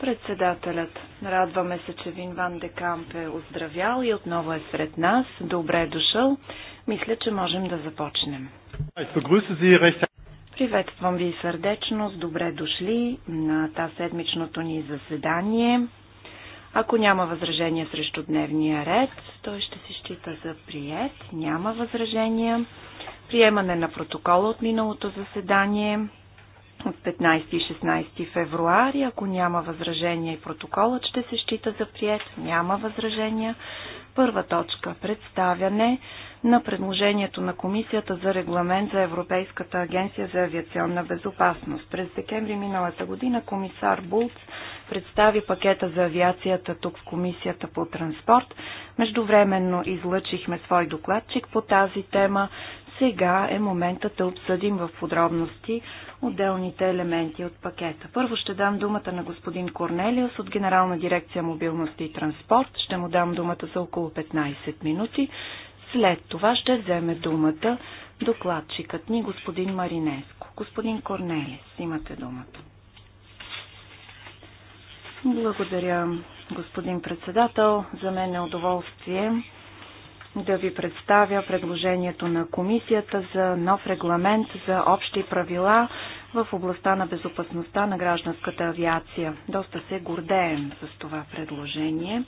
Председателят. Радваме се, че Вин Ван Декамп е оздравял и отново е сред нас. Добре е дошъл. Мисля, че можем да започнем. Приветствам ви сърдечно, с добре дошли на тази седмичното ни заседание. Ако няма възражения срещу дневния ред, той ще се счита за прият. Няма възражения. Приемане на протокола от миналото заседание от 15 и 16 февруари. Ако няма възражения и протоколът ще се счита за прият, няма възражения. Първа точка – представяне на предложението на Комисията за регламент за Европейската агенция за авиационна безопасност. През декември миналата година комисар Булц представи пакета за авиацията тук в Комисията по транспорт. Междувременно излъчихме свой докладчик по тази тема. Сега е моментът да обсъдим в подробности отделните елементи от пакета. Първо ще дам думата на господин Корнелиус от Генерална дирекция мобилност и транспорт. Ще му дам думата за около 15 минути. След това ще вземе думата докладчикът ни, господин Маринеско. Господин Корнелис, имате думата. Благодаря, господин председател. За мен е удоволствие да ви представя предложението на Комисията за нов регламент за общи правила в областта на безопасността на гражданската авиация. Доста се гордеем с това предложение.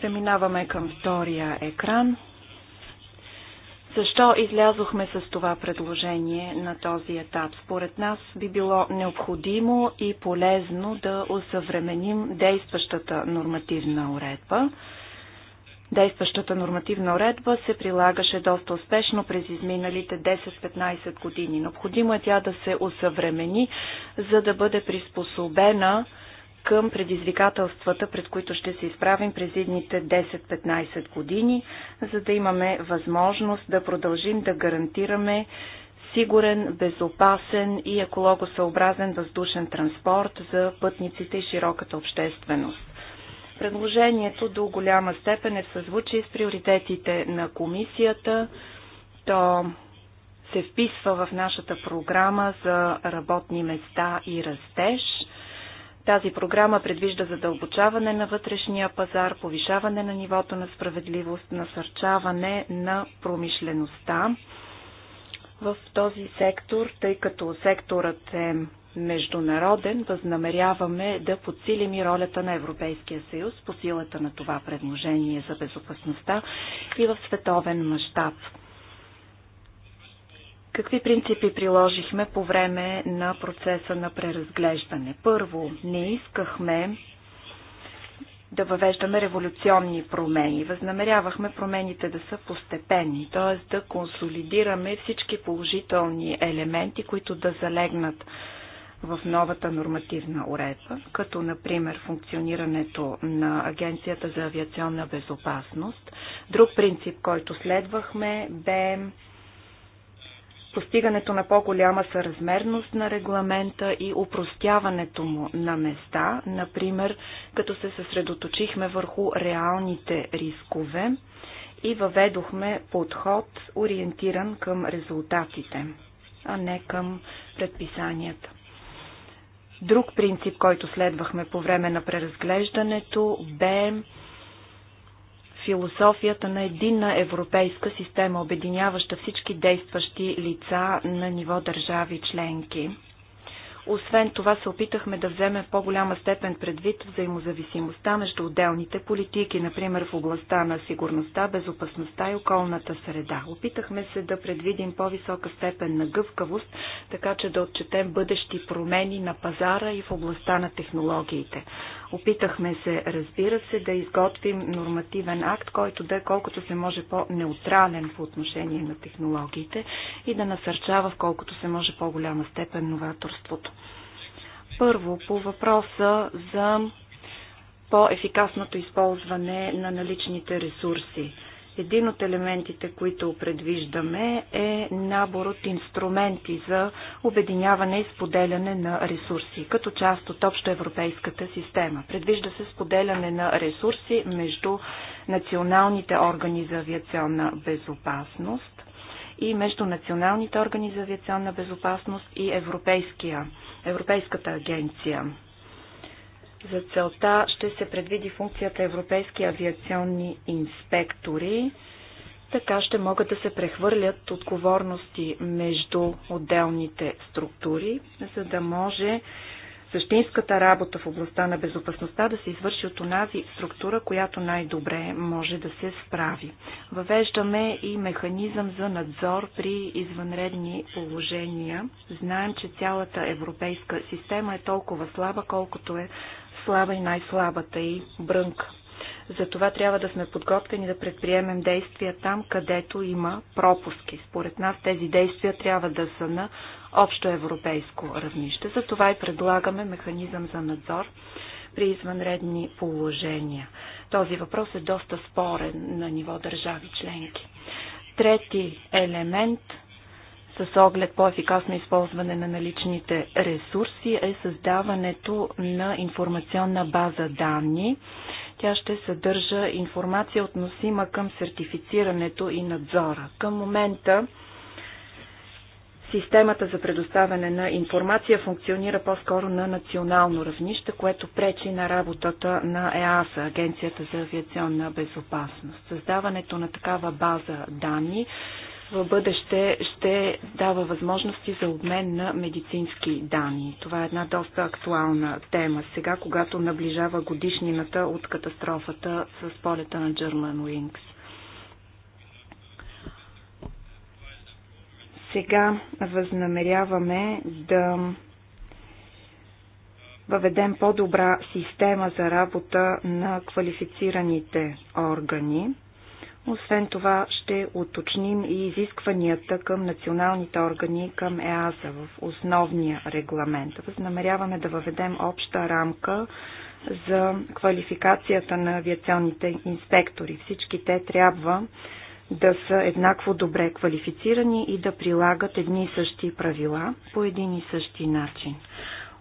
Преминаваме към втория екран. Защо излязохме с това предложение на този етап? Според нас би било необходимо и полезно да осъвременим действащата нормативна уредба. Действащата нормативна уредба се прилагаше доста успешно през изминалите 10-15 години. Необходимо е тя да се осъвремени, за да бъде приспособена към предизвикателствата, пред които ще се изправим през едните 10-15 години, за да имаме възможност да продължим да гарантираме сигурен, безопасен и екологосъобразен въздушен транспорт за пътниците и широката общественост. Предложението до голяма степен е в съзвучие с приоритетите на комисията. То се вписва в нашата програма за работни места и растеж. Тази програма предвижда задълбочаване на вътрешния пазар, повишаване на нивото на справедливост, насърчаване на промишлеността в този сектор, тъй като секторът е международен, възнамеряваме да подсилим и ролята на Европейския съюз по силата на това предложение за безопасността и в световен мащаб. Какви принципи приложихме по време на процеса на преразглеждане? Първо, не искахме да въвеждаме революционни промени. Възнамерявахме промените да са постепенни, т.е. да консолидираме всички положителни елементи, които да залегнат в новата нормативна уредба, като например функционирането на Агенцията за авиационна безопасност. Друг принцип, който следвахме, бе постигането на по-голяма съразмерност на регламента и упростяването му на места, например, като се съсредоточихме върху реалните рискове и въведохме подход, ориентиран към резултатите, а не към предписанията. Друг принцип, който следвахме по време на преразглеждането, бе философията на единна европейска система, обединяваща всички действащи лица на ниво държави членки. Освен това се опитахме да вземем по-голяма степен предвид взаимозависимостта между отделните политики, например в областта на сигурността, безопасността и околната среда. Опитахме се да предвидим по-висока степен на гъвкавост, така че да отчетем бъдещи промени на пазара и в областта на технологиите. Опитахме се, разбира се, да изготвим нормативен акт, който да е колкото се може по-неутрален по отношение на технологиите и да насърчава в колкото се може по-голяма степен новаторството. Първо, по въпроса за по-ефикасното използване на наличните ресурси. Един от елементите, които предвиждаме е набор от инструменти за обединяване и споделяне на ресурси, като част от общоевропейската система. Предвижда се споделяне на ресурси между националните органи за авиационна безопасност и между националните органи за авиационна безопасност и Европейската агенция за целта ще се предвиди функцията Европейски авиационни инспектори. Така ще могат да се прехвърлят отговорности между отделните структури, за да може същинската работа в областта на безопасността да се извърши от онази структура, която най-добре може да се справи. Въвеждаме и механизъм за надзор при извънредни положения. Знаем, че цялата европейска система е толкова слаба, колкото е слаба и най-слабата и брънка. Затова трябва да сме подготвени да предприемем действия там, където има пропуски. Според нас тези действия трябва да са на общо европейско равнище. Затова и предлагаме механизъм за надзор при извънредни положения. Този въпрос е доста спорен на ниво държави членки. Трети елемент с оглед по-ефикасно използване на наличните ресурси е създаването на информационна база данни. Тя ще съдържа информация относима към сертифицирането и надзора. Към момента Системата за предоставяне на информация функционира по-скоро на национално равнище, което пречи на работата на ЕАСА, Агенцията за авиационна безопасност. Създаването на такава база данни в бъдеще ще дава възможности за обмен на медицински данни. Това е една доста актуална тема сега, когато наближава годишнината от катастрофата с полета на German Wings. Сега възнамеряваме да въведем по-добра система за работа на квалифицираните органи освен това ще уточним и изискванията към националните органи към ЕАЗа в основния регламент. Възнамеряваме да въведем обща рамка за квалификацията на авиационните инспектори. Всички те трябва да са еднакво добре квалифицирани и да прилагат едни и същи правила по един и същи начин.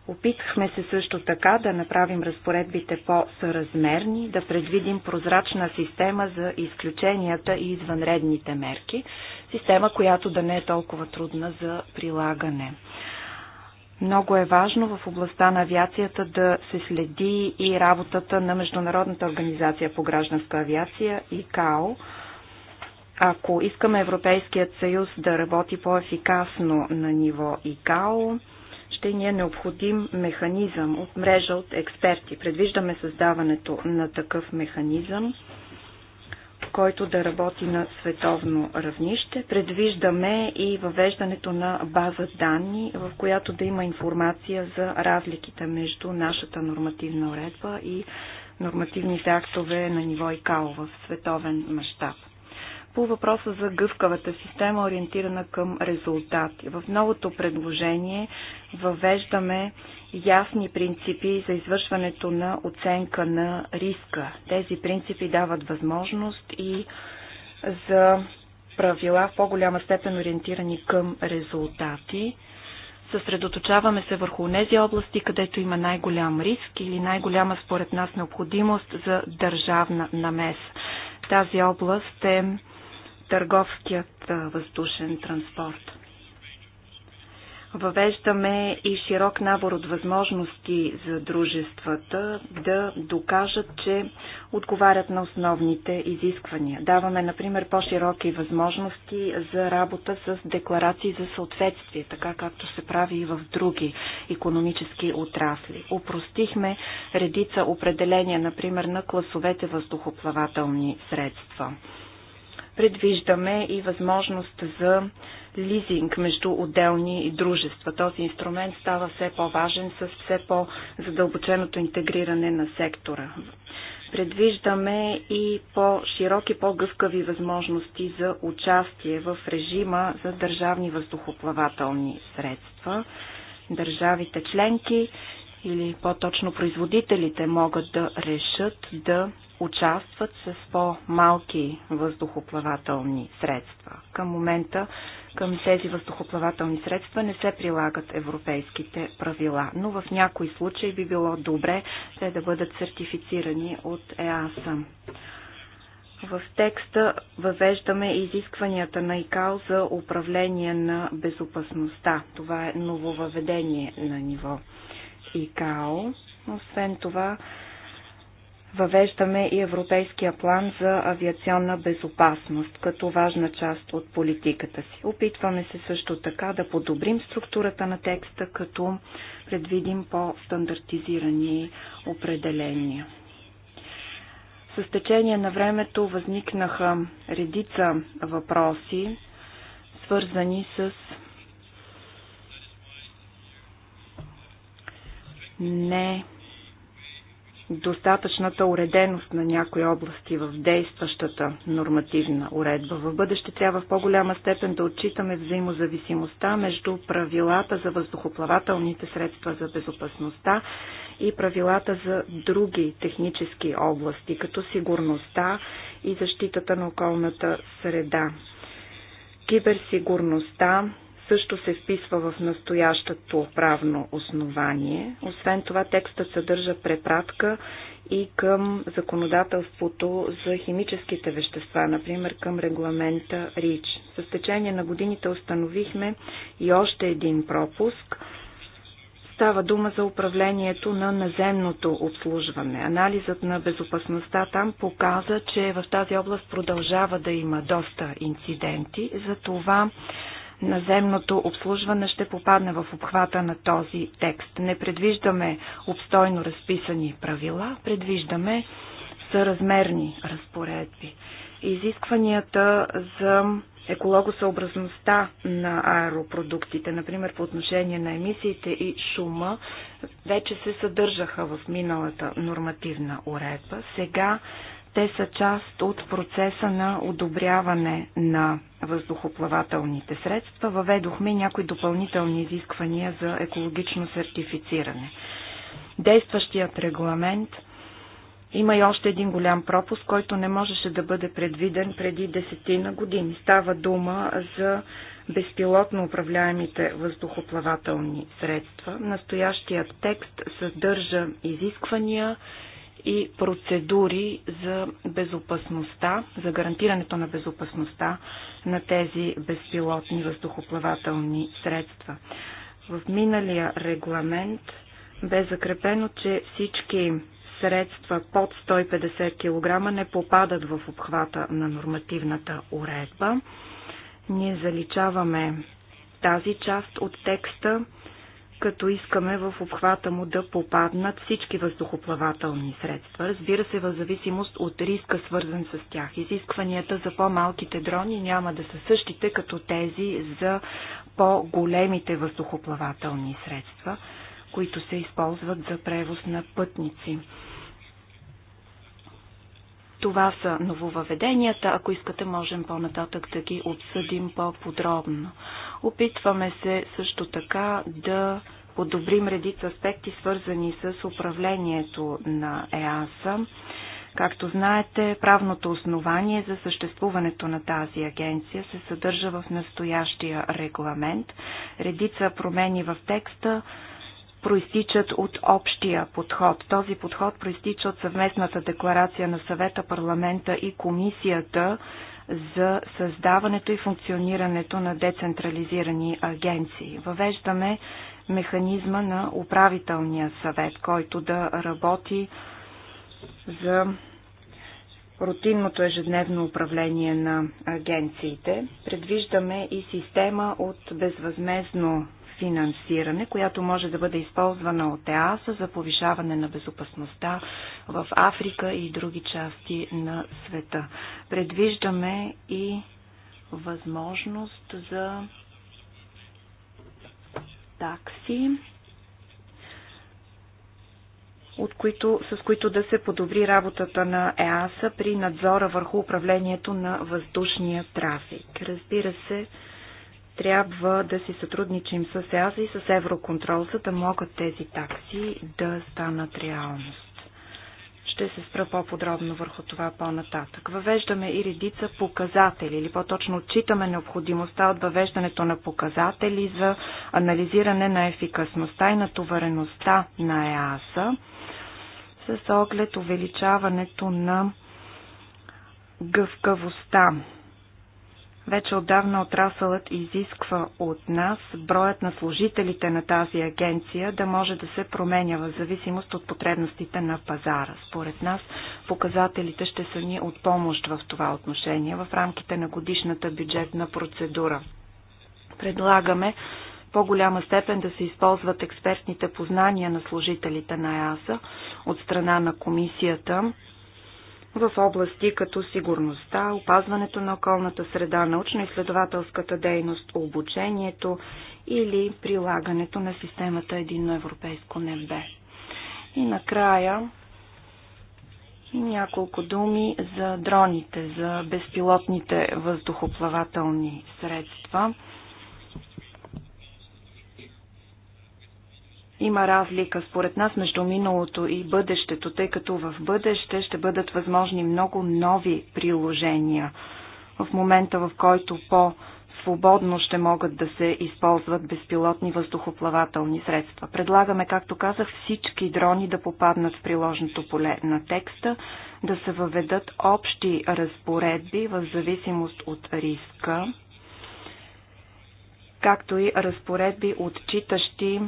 Опитахме се също така да направим разпоредбите по-съразмерни, да предвидим прозрачна система за изключенията и извънредните мерки, система, която да не е толкова трудна за прилагане. Много е важно в областта на авиацията да се следи и работата на Международната организация по гражданска авиация и КАО. Ако искаме Европейският съюз да работи по-ефикасно на ниво ИКАО, ще ни е необходим механизъм от мрежа от експерти. Предвиждаме създаването на такъв механизъм, който да работи на световно равнище. Предвиждаме и въвеждането на база данни, в която да има информация за разликите между нашата нормативна уредба и нормативните актове на ниво ИКАО в световен мащаб по въпроса за гъвкавата система, ориентирана към резултати. В новото предложение въвеждаме ясни принципи за извършването на оценка на риска. Тези принципи дават възможност и за правила в по-голяма степен ориентирани към резултати. Съсредоточаваме се върху тези области, където има най-голям риск или най-голяма според нас необходимост за държавна намеса. Тази област е търговският въздушен транспорт. Въвеждаме и широк набор от възможности за дружествата да докажат, че отговарят на основните изисквания. Даваме, например, по-широки възможности за работа с декларации за съответствие, така както се прави и в други економически отрасли. Упростихме редица определения, например, на класовете въздухоплавателни средства. Предвиждаме и възможност за лизинг между отделни дружества. Този инструмент става все по-важен с все по-задълбоченото интегриране на сектора. Предвиждаме и по-широки, по-гъвкави възможности за участие в режима за държавни въздухоплавателни средства. Държавите членки или по-точно производителите могат да решат да участват с по-малки въздухоплавателни средства. Към момента към тези въздухоплавателни средства не се прилагат европейските правила, но в някои случаи би било добре те да бъдат сертифицирани от ЕАСА. В текста въвеждаме изискванията на ИКАО за управление на безопасността. Това е нововъведение на ниво ИКАО. Освен това, Въвеждаме и Европейския план за авиационна безопасност като важна част от политиката си. Опитваме се също така да подобрим структурата на текста, като предвидим по-стандартизирани определения. С течение на времето възникнаха редица въпроси, свързани с не достатъчната уреденост на някои области в действащата нормативна уредба. В бъдеще трябва в по-голяма степен да отчитаме взаимозависимостта между правилата за въздухоплавателните средства за безопасността и правилата за други технически области, като сигурността и защитата на околната среда. Киберсигурността също се вписва в настоящото правно основание. Освен това, текстът съдържа препратка и към законодателството за химическите вещества, например към регламента РИЧ. С течение на годините установихме и още един пропуск. Става дума за управлението на наземното обслужване. Анализът на безопасността там показа, че в тази област продължава да има доста инциденти. Затова това наземното обслужване ще попадне в обхвата на този текст. Не предвиждаме обстойно разписани правила, предвиждаме съразмерни разпоредби. Изискванията за екологосъобразността на аеропродуктите, например по отношение на емисиите и шума, вече се съдържаха в миналата нормативна уредба. Сега те са част от процеса на одобряване на въздухоплавателните средства. Въведохме някои допълнителни изисквания за екологично сертифициране. Действащият регламент има и още един голям пропуск, който не можеше да бъде предвиден преди десетина години. Става дума за безпилотно управляемите въздухоплавателни средства. Настоящият текст съдържа изисквания, и процедури за безопасността, за гарантирането на безопасността на тези безпилотни въздухоплавателни средства. В миналия регламент бе закрепено, че всички средства под 150 кг не попадат в обхвата на нормативната уредба. Ние заличаваме тази част от текста, като искаме в обхвата му да попаднат всички въздухоплавателни средства. Разбира се, в зависимост от риска, свързан с тях. Изискванията за по-малките дрони няма да са същите, като тези за по-големите въздухоплавателни средства, които се използват за превоз на пътници. Това са нововъведенията. Ако искате, можем по-нататък да ги обсъдим по-подробно. Опитваме се също така да подобрим редица аспекти, свързани с управлението на ЕАСА. Както знаете, правното основание за съществуването на тази агенция се съдържа в настоящия регламент. Редица промени в текста проистичат от общия подход. Този подход проистича от съвместната декларация на съвета, парламента и комисията за създаването и функционирането на децентрализирани агенции. Въвеждаме механизма на управителния съвет, който да работи за рутинното ежедневно управление на агенциите. Предвиждаме и система от безвъзмезно финансиране, която може да бъде използвана от ЕАСА за повишаване на безопасността в Африка и други части на света. Предвиждаме и възможност за такси, от които, с които да се подобри работата на ЕАСА при надзора върху управлението на въздушния трафик. Разбира се, трябва да си сътрудничим с ЕАЗа и с Евроконтрол, за да могат тези такси да станат реалност. Ще се спра по-подробно върху това по-нататък. Въвеждаме и редица показатели, или по-точно отчитаме необходимостта от въвеждането на показатели за анализиране на ефикасността и натовареността на ЕАСа с оглед увеличаването на гъвкавостта вече отдавна отрасълът изисква от нас броят на служителите на тази агенция да може да се променя в зависимост от потребностите на пазара. Според нас показателите ще са ни от помощ в това отношение в рамките на годишната бюджетна процедура. Предлагаме по-голяма степен да се използват експертните познания на служителите на ЕАСА от страна на комисията в области като сигурността, опазването на околната среда, научно-изследователската дейност, обучението или прилагането на системата Единно европейско небе. И накрая няколко думи за дроните, за безпилотните въздухоплавателни средства – Има разлика според нас между миналото и бъдещето, тъй като в бъдеще ще бъдат възможни много нови приложения. В момента, в който по свободно ще могат да се използват безпилотни въздухоплавателни средства. Предлагаме, както казах, всички дрони да попаднат в приложното поле на текста, да се въведат общи разпоредби в зависимост от риска, както и разпоредби, отчитащи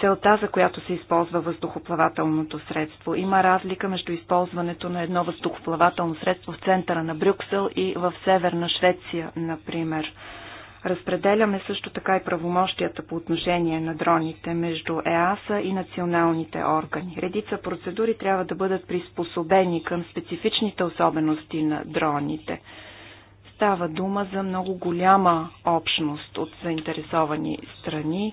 целта, за която се използва въздухоплавателното средство. Има разлика между използването на едно въздухоплавателно средство в центъра на Брюксел и в северна Швеция, например. Разпределяме също така и правомощията по отношение на дроните между ЕАСА и националните органи. Редица процедури трябва да бъдат приспособени към специфичните особености на дроните. Става дума за много голяма общност от заинтересовани страни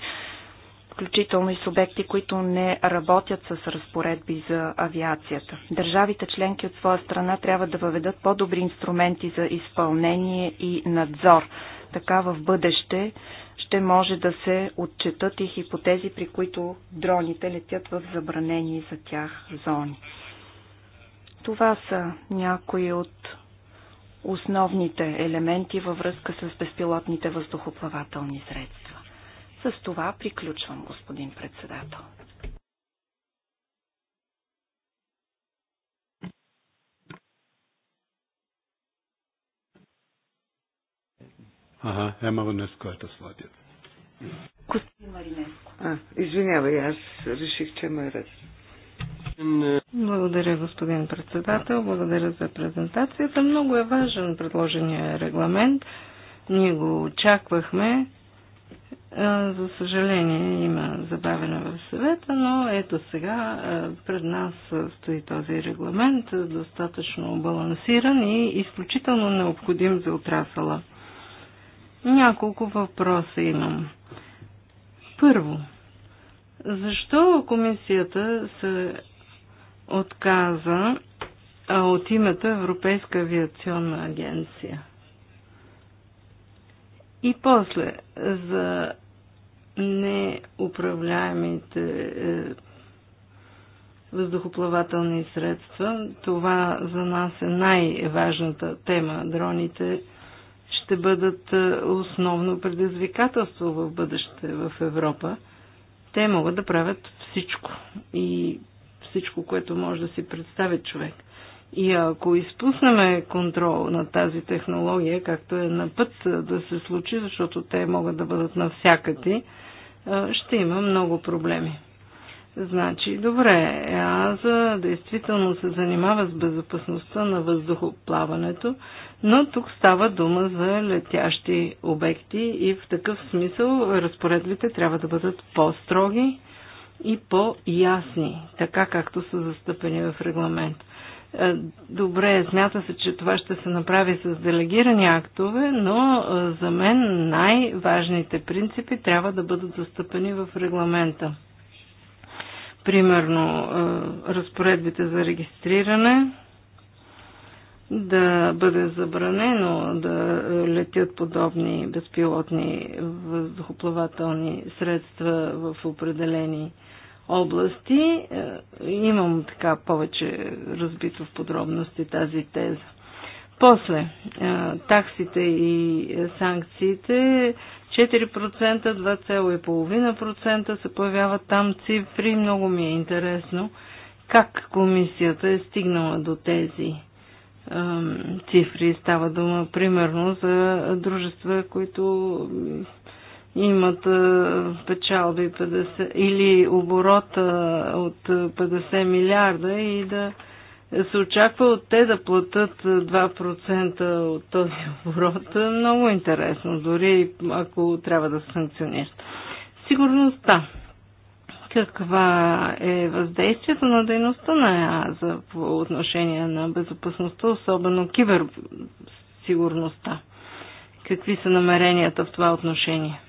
включително и субекти, които не работят с разпоредби за авиацията. Държавите членки от своя страна трябва да въведат по-добри инструменти за изпълнение и надзор. Така в бъдеще ще може да се отчетат и хипотези, при които дроните летят в забранени за тях зони. Това са някои от основните елементи във връзка с безпилотните въздухоплавателни средства. С това приключвам, господин председател. Ага, Ема Маринеско е това Господин Маринеско. А, извинявай, аз реших, че ме раз. Благодаря, господин председател. Благодаря за презентацията. Много е важен предложения регламент. Ние го очаквахме. За съжаление има забавена в съвета, но ето сега пред нас стои този регламент, достатъчно балансиран и изключително необходим за отрасъла. Няколко въпроса имам. Първо, защо комисията се отказа от името Европейска авиационна агенция? И после, за неуправляемите е, въздухоплавателни средства. Това за нас е най-важната тема. Дроните ще бъдат е, основно предизвикателство в бъдеще в Европа. Те могат да правят всичко и всичко, което може да си представи човек. И ако изпуснем контрол на тази технология, както е на път е, да се случи, защото те могат да бъдат навсякъде, ще има много проблеми. Значи, добре, ЕАЗа действително се занимава с безопасността на въздухоплаването, но тук става дума за летящи обекти и в такъв смисъл разпоредбите трябва да бъдат по-строги и по-ясни, така както са застъпени в регламента. Е, добре, смята се, че това ще се направи с делегирани актове, но е, за мен най-важните принципи трябва да бъдат застъпени в регламента. Примерно, е, разпоредбите за регистриране, да бъде забранено да летят подобни безпилотни въздухоплавателни средства в определени области. Е, имам така повече разбито в подробности тази теза. После, е, таксите и санкциите 4%, 2,5% се появяват там цифри. Много ми е интересно как комисията е стигнала до тези цифри. Става дума примерно за дружества, които имат печалби 50, или оборота от 50 милиарда и да се очаква от те да платят 2% от този оборот. Много интересно, дори ако трябва да се санкционират. Сигурността. Каква е въздействието на дейността на ЕАЗа по отношение на безопасността, особено киберсигурността? Какви са намеренията в това отношение?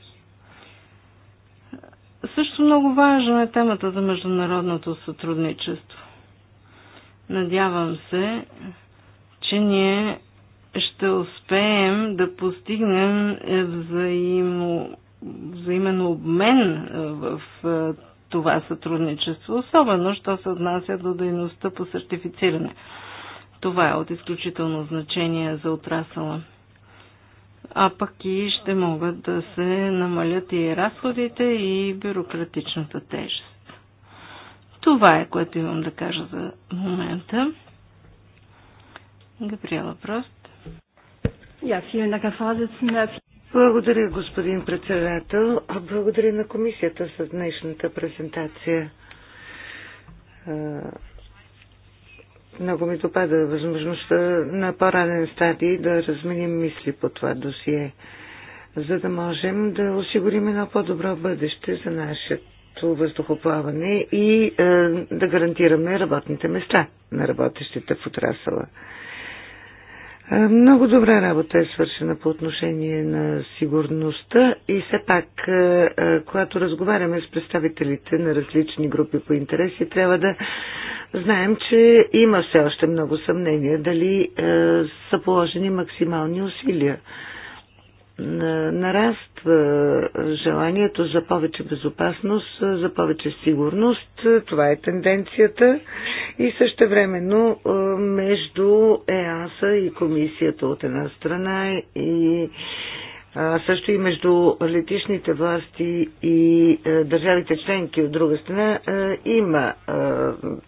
Също много важна е темата за международното сътрудничество. Надявам се, че ние ще успеем да постигнем е, взаимо, взаимен обмен е, в е, това сътрудничество, особено, що се отнася до дейността по сертифициране. Това е от изключително значение за отрасъла а пък и ще могат да се намалят и разходите и бюрократичната тежест. Това е, което имам да кажа за момента. Габриела Прост. Благодаря, господин председател. Благодаря на комисията за днешната презентация много ми допада възможността на по-ранен стадий да разменим мисли по това досие, за да можем да осигурим едно по-добро бъдеще за нашето въздухоплаване и е, да гарантираме работните места на работещите в отрасъла. Е, много добра работа е свършена по отношение на сигурността и все пак, е, е, когато разговаряме с представителите на различни групи по интереси, трябва да знаем, че има все още много съмнения дали са положени максимални усилия нараства желанието за повече безопасност, за повече сигурност. Това е тенденцията. И също времено е, между ЕАСА и комисията от една страна и също и между летишните власти и държавите членки от друга страна има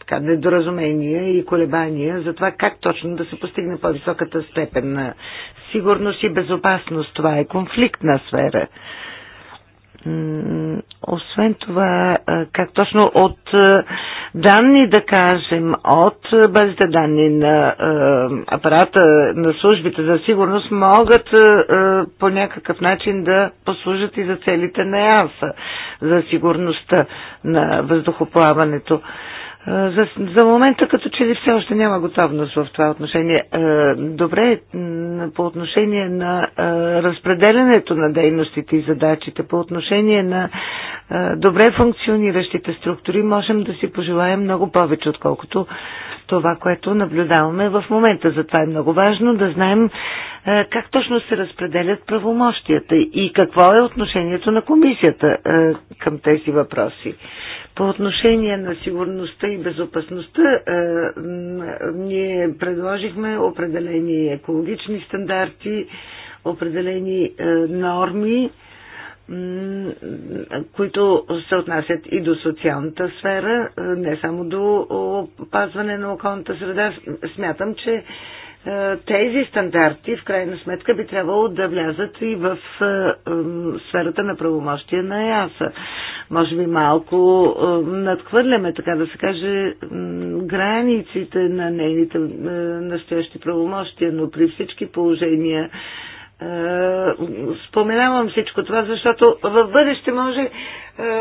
така, недоразумения и колебания за това как точно да се постигне по-високата степен на сигурност и безопасност. Това е конфликтна сфера. Освен това, как точно от данни, да кажем, от базите данни на апарата, на службите за сигурност, могат по някакъв начин да послужат и за целите на ЕАСА, за сигурността на въздухоплаването. За, за момента като че ли все още няма готовност в това отношение. Добре, по отношение на разпределянето на дейностите и задачите, по отношение на добре функциониращите структури, можем да си пожелаем много повече, отколкото това, което наблюдаваме в момента. Затова е много важно да знаем е, как точно се разпределят правомощията и какво е отношението на комисията е, към тези въпроси. По отношение на сигурността и безопасността, е, ние предложихме определени екологични стандарти, определени норми, които се отнасят и до социалната сфера, не само до опазване на околната среда. Смятам, че тези стандарти в крайна сметка би трябвало да влязат и в сферата на правомощия на ЕАСА. Може би малко надхвърляме, така да се каже, границите на нейните настоящи правомощия, но при всички положения е, споменавам всичко това, защото в бъдеще може е,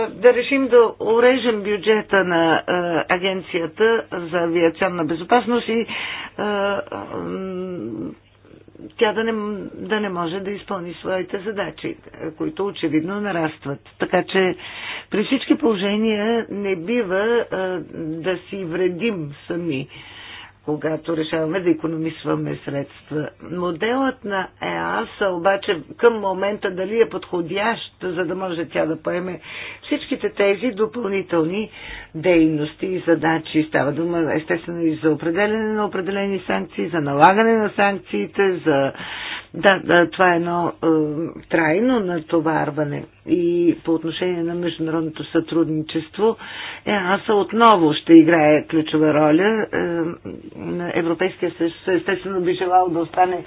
да решим да урежем бюджета на е, Агенцията за авиационна безопасност и тя да не, да не може да изпълни своите задачи, които очевидно нарастват. Така че при всички положения не бива да си вредим сами когато решаваме да економисваме средства. Моделът на ЕАСА обаче към момента дали е подходящ, за да може тя да поеме всичките тези допълнителни дейности и задачи. Става дума естествено и за определене на определени санкции, за налагане на санкциите, за да, да, това е едно е, трайно натоварване и по отношение на международното сътрудничество е, аз отново ще играе ключова роля. Е, Европейския съюз естествено би желал да остане е,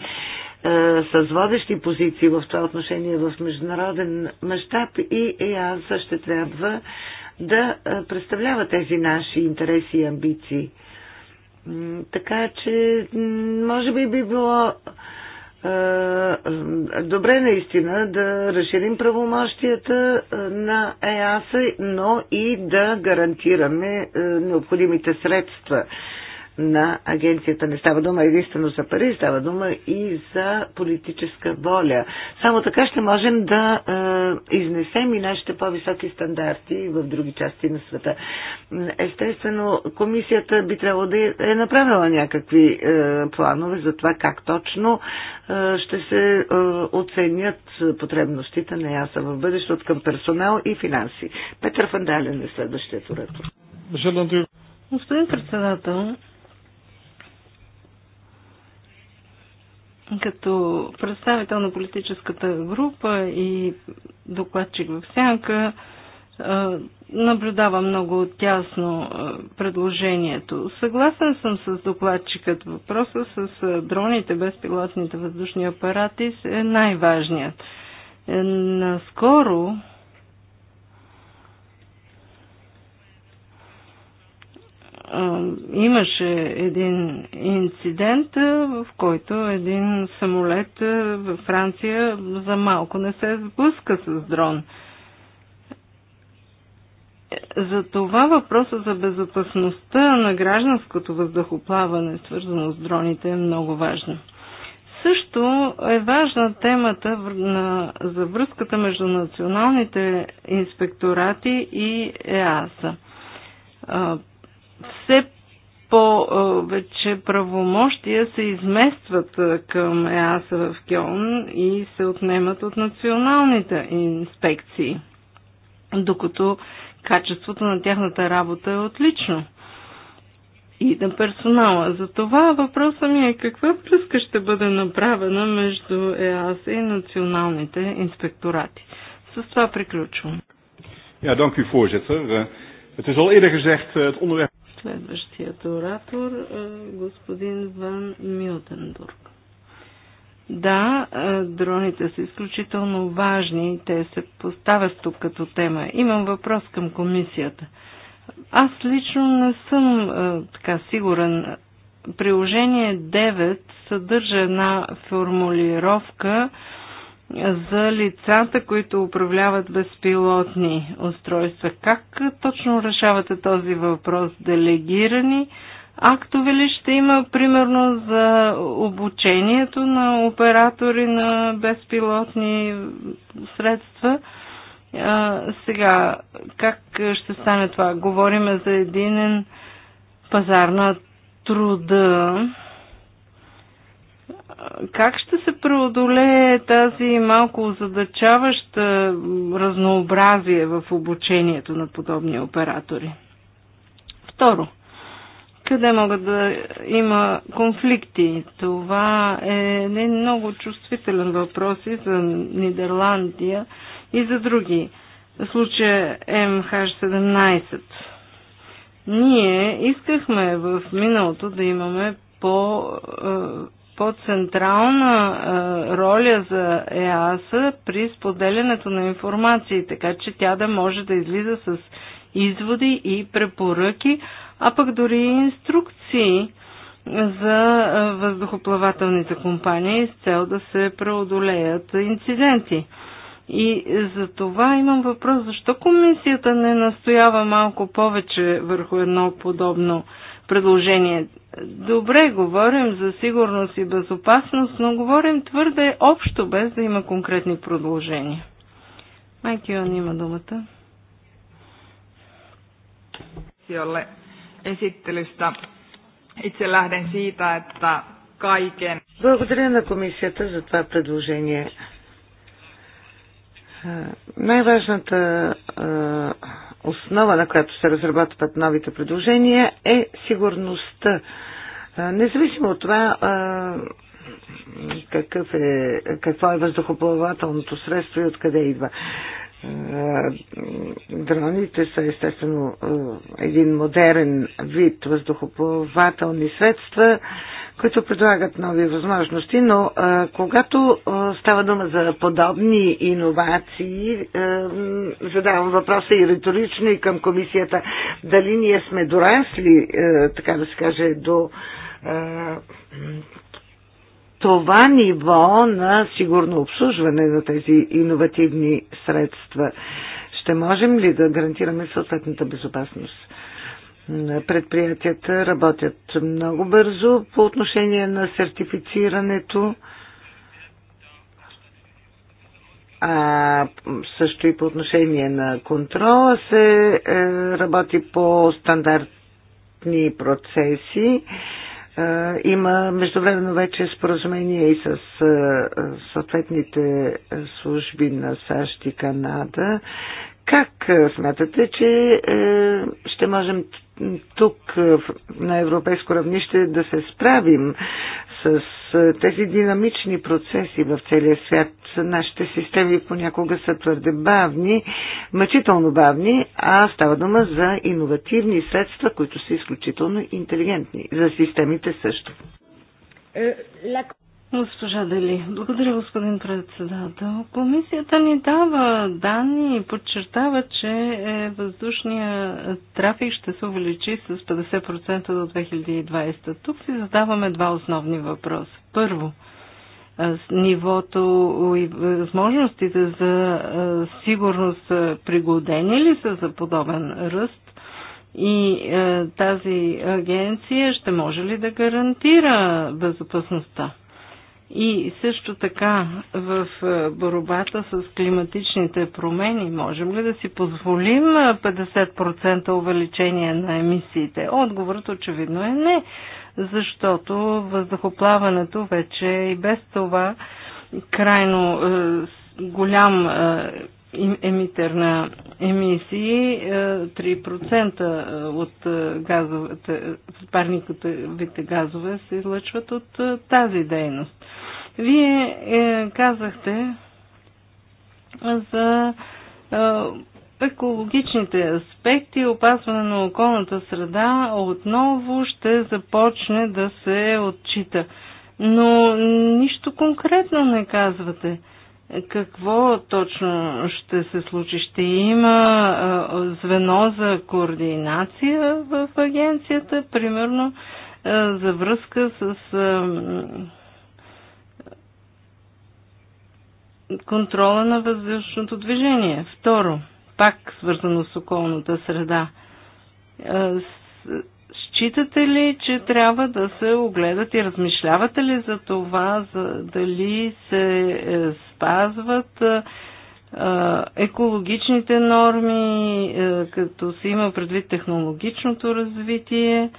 с водещи позиции в това отношение в международен мащаб и аз ще трябва да е, представлява тези наши интереси и амбиции. Така че, може би би било добре наистина да разширим правомощията на ЕАСА, но и да гарантираме необходимите средства на агенцията. Не става дума единствено за пари, става дума и за политическа воля. Само така ще можем да е, изнесем и нашите по-високи стандарти в други части на света. Естествено, комисията би трябвало да е направила някакви е, планове за това как точно е, ще се е, оценят потребностите на ЯСА в от към персонал и финанси. Петър Фандален е следващия оратор. Господин председател, Като представител на политическата група и докладчик в сянка, наблюдава много тясно предложението. Съгласен съм с докладчикът. Въпроса с дроните, безпилотните въздушни апарати е най-важният. Е, наскоро имаше един инцидент, в който един самолет във Франция за малко не се сблъска с дрон. За това въпроса за безопасността на гражданското въздухоплаване, свързано с дроните, е много важно. Също е важна темата на, за връзката между националните инспекторати и ЕАСА все повече правомощия се изместват към ЕАСА в Кьон и се отнемат от националните инспекции, докато качеството на тяхната работа е отлично и на персонала. За това въпросът ми е каква връзка ще бъде направена между ЕАС и националните инспекторати. С това приключвам. Ja, dank u voorzitter. Uh, het is al eerder gezegd, uh, het onderwerp... Следващият оратор е, господин Ван Мютенбург. Да, е, дроните са изключително важни и те се поставят тук като тема. Имам въпрос към комисията. Аз лично не съм е, така сигурен. Приложение 9 съдържа една формулировка, за лицата, които управляват безпилотни устройства. Как точно решавате този въпрос? Делегирани актове ли ще има, примерно, за обучението на оператори на безпилотни средства? А, сега, как ще стане това? Говориме за единен пазар на труда как ще се преодолее тази малко озадачаваща разнообразие в обучението на подобни оператори? Второ, къде могат да има конфликти? Това е не много чувствителен въпрос и за Нидерландия и за други. Случая МХ-17. Ние искахме в миналото да имаме по е, по-централна роля за ЕАСА при споделянето на информации, така че тя да може да излиза с изводи и препоръки, а пък дори и инструкции за въздухоплавателните компании с цел да се преодолеят инциденти. И за това имам въпрос, защо комисията не настоява малко повече върху едно подобно предложение. Добре, говорим за сигурност и безопасност, но говорим твърде общо, без да има конкретни предложения. Майки Майкион има думата. Jolle esittelystä. Itse lähden siitä, että kaiken... Благодаря на комисията за това предложение. Най-важната основа, на която се разработват новите предложения, е сигурността. Независимо от това, какъв е, какво е въздухоплавателното средство и откъде идва. Дроните са естествено един модерен вид въздухоплавателни средства които предлагат нови възможности, но а, когато а, става дума за подобни иновации, а, задавам въпроса и риторично и към комисията, дали ние сме дорасли, а, така да се каже, до а, това ниво на сигурно обслужване на тези иновативни средства. Ще можем ли да гарантираме съответната безопасност? Предприятията работят много бързо по отношение на сертифицирането, а също и по отношение на контрола се е, работи по стандартни процеси. Е, има междувременно вече споразумение и с е, съответните служби на САЩ и Канада. Как смятате, че ще можем тук е, на европейско равнище да се справим с е, тези динамични процеси в целия свят. Нашите системи понякога са твърде бавни, мъчително бавни, а става дума за иновативни средства, които са изключително интелигентни. За системите също. Е, Госпожа Дали, благодаря господин председател. Комисията ни дава данни и подчертава, че е, въздушният трафик ще се увеличи с 50% до 2020. Тук си задаваме два основни въпроса. Първо, нивото и възможностите за сигурност пригодени ли са за подобен ръст? И тази агенция ще може ли да гарантира безопасността? И също така в е, борбата с климатичните промени можем ли да си позволим 50% е, увеличение на емисиите? Отговорът очевидно е не, защото въздухоплаването вече и без това крайно е, голям емитер на емисии, 3% е, е, от е, газовете, парниковите газове се излъчват от тази дейност. Вие казахте за екологичните аспекти, опазване на околната среда отново ще започне да се отчита. Но нищо конкретно не казвате. Какво точно ще се случи? Ще има звено за координация в агенцията, примерно за връзка с контрола на въздушното движение. Второ, пак свързано с околната среда Считате ли, че трябва да се огледат и размишлявате ли за това, за дали се е, спазват е, е, екологичните норми, като се има предвид технологичното развитие?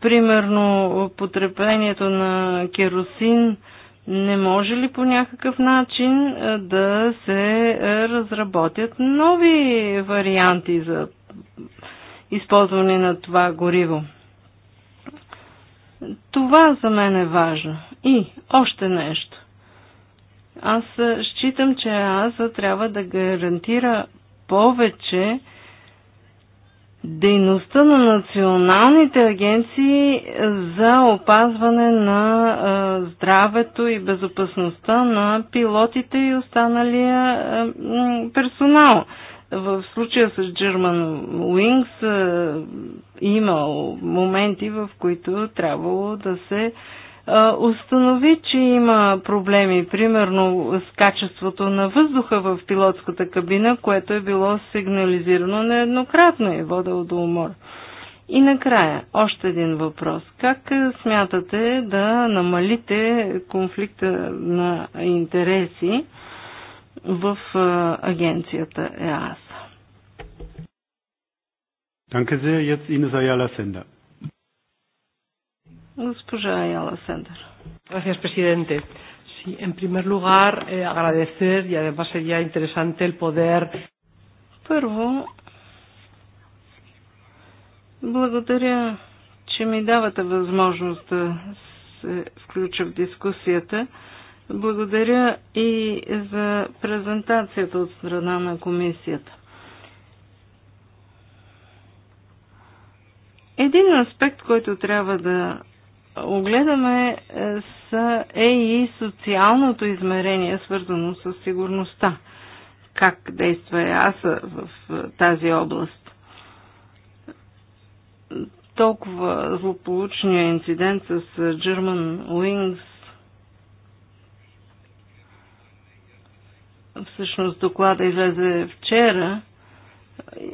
Примерно, потреблението на керосин не може ли по някакъв начин да се разработят нови варианти за използване на това гориво. Това за мен е важно. И още нещо. Аз считам, че аз трябва да гарантира повече дейността на националните агенции за опазване на здравето и безопасността на пилотите и останалия персонал. В случая с German Wings е, има моменти, в които трябвало да се е, установи, че има проблеми, примерно с качеството на въздуха в пилотската кабина, което е било сигнализирано нееднократно и е водело до умор. И накрая, още един въпрос. Как смятате да намалите конфликта на интереси в агенцията ЕАС? Danke sehr. Jetzt Ines Ayala Sender. Госпожа Ayala Sender. Gracias, presidente. Sí, en primer lugar, eh, agradecer y además sería interesante el poder. Първо, благодаря, че ми давате възможност да се включа в дискусията. Благодаря и за презентацията от страна на комисията. Един аспект, който трябва да огледаме е, е и социалното измерение, свързано с сигурността. Как действа ЕАСА в тази област? Толкова злополучния инцидент с е, German Wings всъщност доклада излезе вчера е,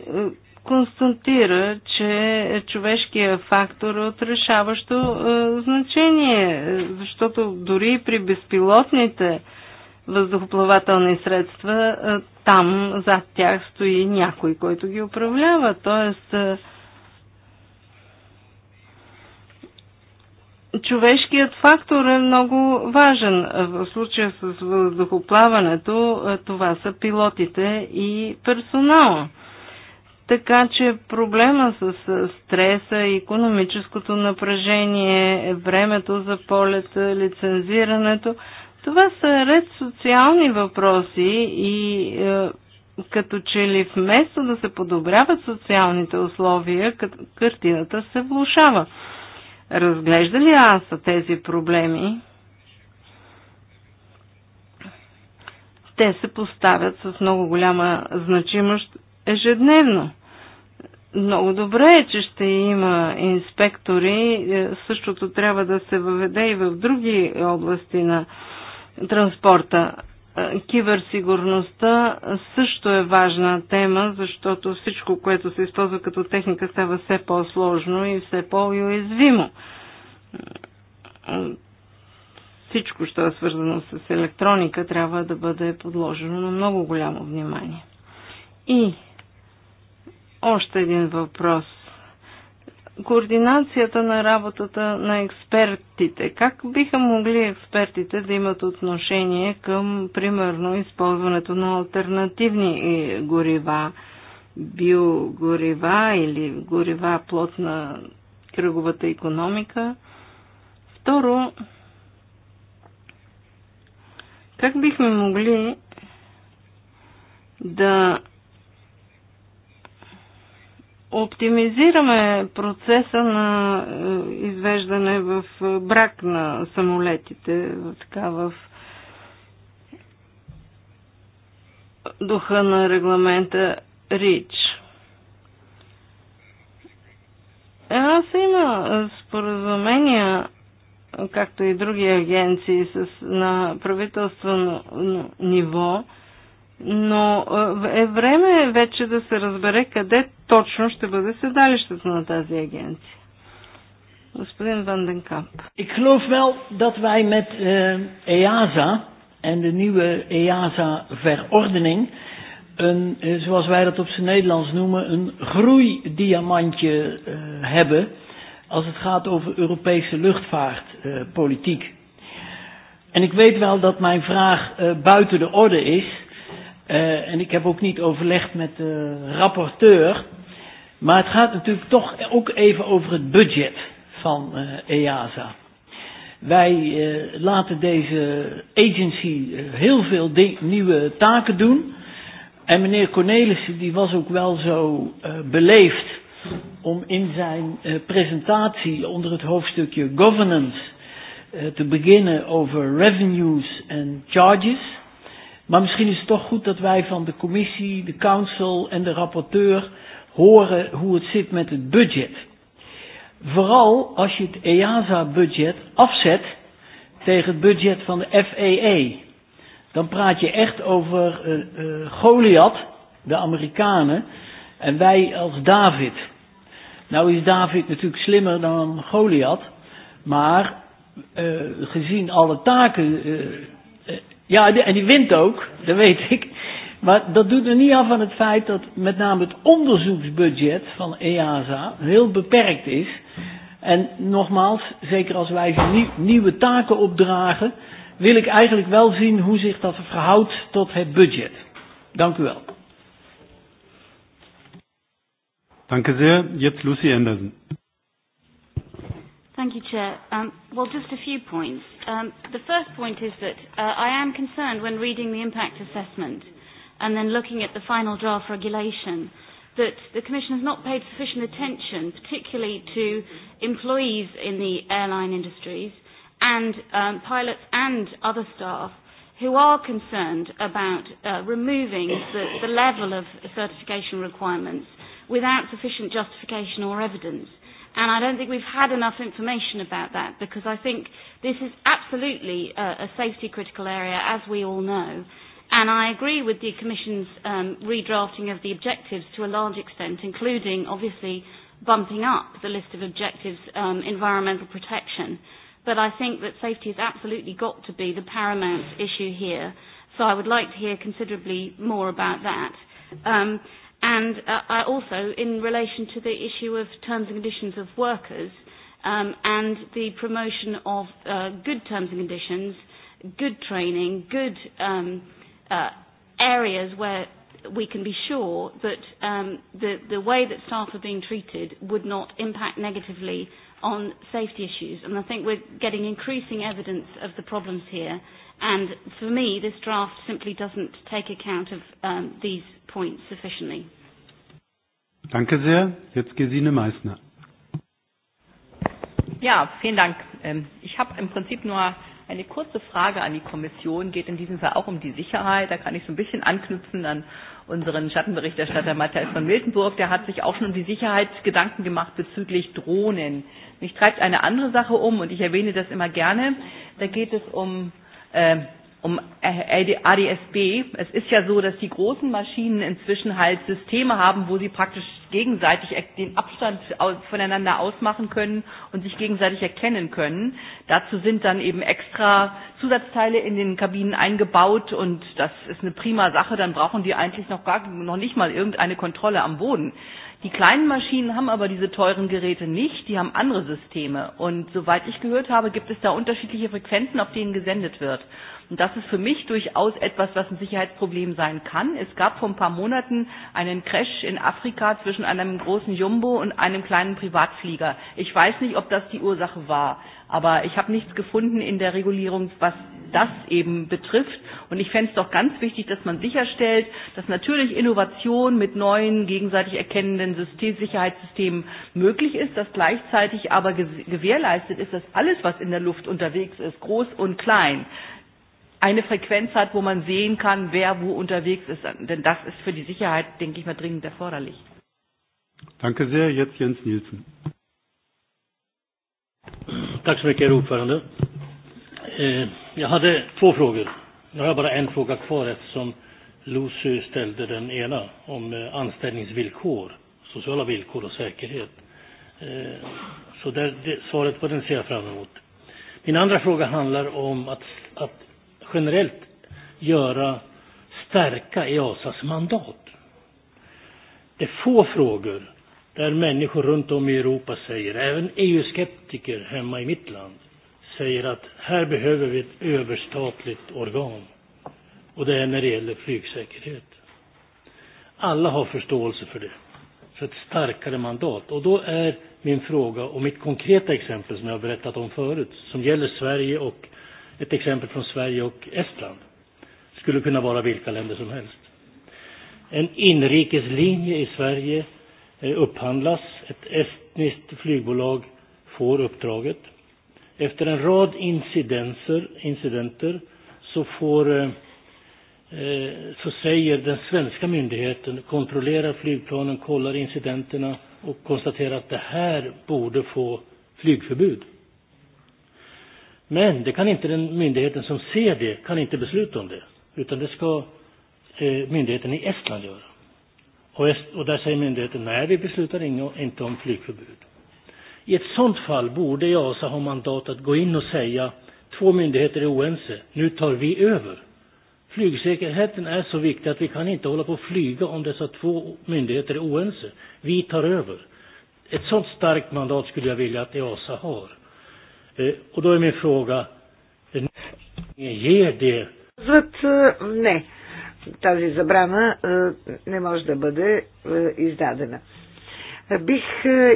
констатира, че човешкият е фактор е от решаващо е, значение, е, защото дори при безпилотните въздухоплавателни средства, там зад тях стои някой, който ги управлява. Тоест, човешкият фактор е много важен. В случая с въздухоплаването това са пилотите и персонала. Така че проблема с стреса, економическото напрежение, времето за полета, лицензирането, това са ред социални въпроси и е, като че ли вместо да се подобряват социалните условия, картината се влушава. Разглежда ли аз тези проблеми? Те се поставят с много голяма значимост ежедневно. Много добре е, че ще има инспектори. Е, същото трябва да се въведе и в други области на транспорта. Е, киберсигурността също е важна тема, защото всичко, което се използва като техника, става все по-сложно и все по-уязвимо. Е, всичко, що е свързано с електроника, трябва да бъде подложено на много голямо внимание. И още един въпрос. Координацията на работата на експертите. Как биха могли експертите да имат отношение към, примерно, използването на альтернативни е, горива, биогорива или горива плод на кръговата економика? Второ, как бихме могли да оптимизираме процеса на е, извеждане в е, брак на самолетите, така в духа на регламента РИЧ. са е, има споразумения, както и други агенции с, на правителствено ниво, но е време вече да се разбере къде точно ще бъде седалището на тази агенция. Господин Ванденкамп. Ik geloof wel dat wij met uh, EASA en de nieuwe EASA-verordening een, uh, zoals wij dat op zijn Nederlands noemen, een groeidiamantje uh, hebben als het gaat over Europese luchtvaartpolitiek. Uh, en ik weet wel dat mijn vraag uh, buiten de orde is. Uh, en ik heb ook niet overlegd met de rapporteur. Maar het gaat natuurlijk toch ook even over het budget van uh, EASA. Wij uh, laten deze agency heel veel nieuwe taken doen. En meneer Cornelissen die was ook wel zo uh, beleefd om in zijn uh, presentatie onder het hoofdstukje governance uh, te beginnen over revenues en charges. Maar misschien is het toch goed dat wij van de commissie, de council en de rapporteur horen hoe het zit met het budget. Vooral als je het EASA-budget afzet tegen het budget van de FAE. Dan praat je echt over uh, uh, Goliath, de Amerikanen, en wij als David. Nou is David natuurlijk slimmer dan Goliath, maar uh, gezien alle taken. Uh, uh, ja, en die wint ook, dat weet ik. Maar dat doet er niet af van het feit dat met name het onderzoeksbudget van EASA heel beperkt is. En nogmaals, zeker als wij ze nie, nieuwe taken opdragen, wil ik eigenlijk wel zien hoe zich dat verhoudt tot het budget. Dank u wel. Dank u zeer. Jetzt Lucy Anderson. Thank you, Chair. Um, well, just a few points. Um, the first point is that uh, I am concerned when reading the impact assessment and then looking at the final draft regulation, that the Commission has not paid sufficient attention, particularly to employees in the airline industries and um, pilots and other staff who are concerned about uh, removing the, the level of certification requirements without sufficient justification or evidence. And I don't think we've had enough information about that because I think this is absolutely a, a safety critical area, as we all know. And I agree with the Commission's um, redrafting of the objectives to a large extent, including, obviously, bumping up the list of objectives um, environmental protection. But I think that safety has absolutely got to be the paramount issue here. So I would like to hear considerably more about that. Um, and uh, I also, in relation to the issue of terms and conditions of workers um, and the promotion of uh, good terms and conditions, good training, good um, uh, areas where we can be sure that um, the, the way that staff are being treated would not impact negatively on safety issues. And I think we're getting increasing evidence of the problems here. And for me, this draft simply doesn't take account of um, these points sufficiently. Danke sehr. Jetzt Gesine Meissner. Ja, vielen Dank. Ich habe im Prinzip nur Eine kurze Frage an die Kommission geht in diesem Fall auch um die Sicherheit. Da kann ich so ein bisschen anknüpfen an unseren Schattenberichterstatter Matthias von Miltenburg. Der hat sich auch schon um die Sicherheit Gedanken gemacht bezüglich Drohnen. Mich treibt eine andere Sache um und ich erwähne das immer gerne. Da geht es um äh, um ADSB. Es ist ja so, dass die großen Maschinen inzwischen halt Systeme haben, wo sie praktisch gegenseitig den Abstand voneinander ausmachen können und sich gegenseitig erkennen können. Dazu sind dann eben extra Zusatzteile in den Kabinen eingebaut und das ist eine prima Sache. Dann brauchen die eigentlich noch gar noch nicht mal irgendeine Kontrolle am Boden. Die kleinen Maschinen haben aber diese teuren Geräte nicht, die haben andere Systeme. Und soweit ich gehört habe, gibt es da unterschiedliche Frequenzen, auf denen gesendet wird. Und das ist für mich durchaus etwas, was ein Sicherheitsproblem sein kann. Es gab vor ein paar Monaten einen Crash in Afrika zwischen einem großen Jumbo und einem kleinen Privatflieger. Ich weiß nicht, ob das die Ursache war, aber ich habe nichts gefunden in der Regulierung, was das eben betrifft. Und ich fände es doch ganz wichtig, dass man sicherstellt, dass natürlich Innovation mit neuen, gegenseitig erkennenden System, Sicherheitssystemen möglich ist, dass gleichzeitig aber gewährleistet ist, dass alles, was in der Luft unterwegs ist, groß und klein, eine Frequenz hat, wo man sehen kann, wer wo unterwegs ist. Denn das ist für die Sicherheit, denke ich mal, dringend erforderlich. Danke sehr. Jetzt Jens Nielsen. Danke sehr, herr ordförande. Jag hade två frågor. Nu har jag bara en fråga kvar eftersom Lucy ställde den ena om anställningsvillkor, sociala villkor och säkerhet. Så där, det, svaret på den ser jag fram emot. Min andra fråga handlar om att, att generellt göra, stärka EASAs mandat. Det är få frågor där människor runt om i Europa säger, även EU-skeptiker hemma i mitt land, säger att här behöver vi ett överstatligt organ. Och det är när det gäller flygsäkerhet. Alla har förståelse för det. För ett starkare mandat. Och då är min fråga och mitt konkreta exempel som jag har berättat om förut, som gäller Sverige och Ett exempel från Sverige och Estland. skulle kunna vara vilka länder som helst. En inrikeslinje i Sverige upphandlas. Ett estniskt flygbolag får uppdraget. Efter en rad incidenser, incidenter så, får, så säger den svenska myndigheten, kontrollerar flygplanen, kollar incidenterna och konstaterar att det här borde få flygförbud. Men det kan inte den myndigheten som ser det kan inte besluta om det. Utan det ska eh, myndigheten i Estland göra. Och, Est och där säger myndigheten nej, vi beslutar inte om flygförbud. I ett sånt fall borde EASA ha mandat att gå in och säga två myndigheter är oense, nu tar vi över. Flygsäkerheten är så viktig att vi kan inte hålla på att flyga om dessa två myndigheter är oense. Vi tar över. Ett sånt starkt mandat skulle jag vilja att EASA har. Eh, och då är min fråga, ger det? Е, не, тази забрана е, не може да бъде е, издадена. Бих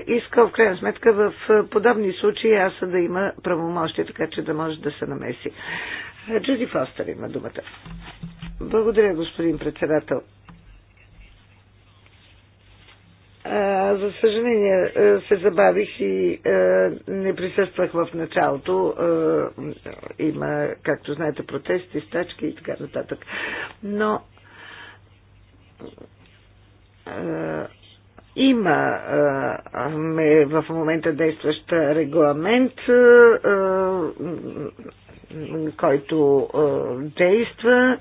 искал в крайна сметка в подобни случаи аз да има правомощие, така че да може да се намеси. Джуди Фостер има думата. Благодаря, господин председател. За съжаление се забавих и не присъствах в началото. Има, както знаете, протести, стачки и така нататък. Но има в момента действащ регламент, който действа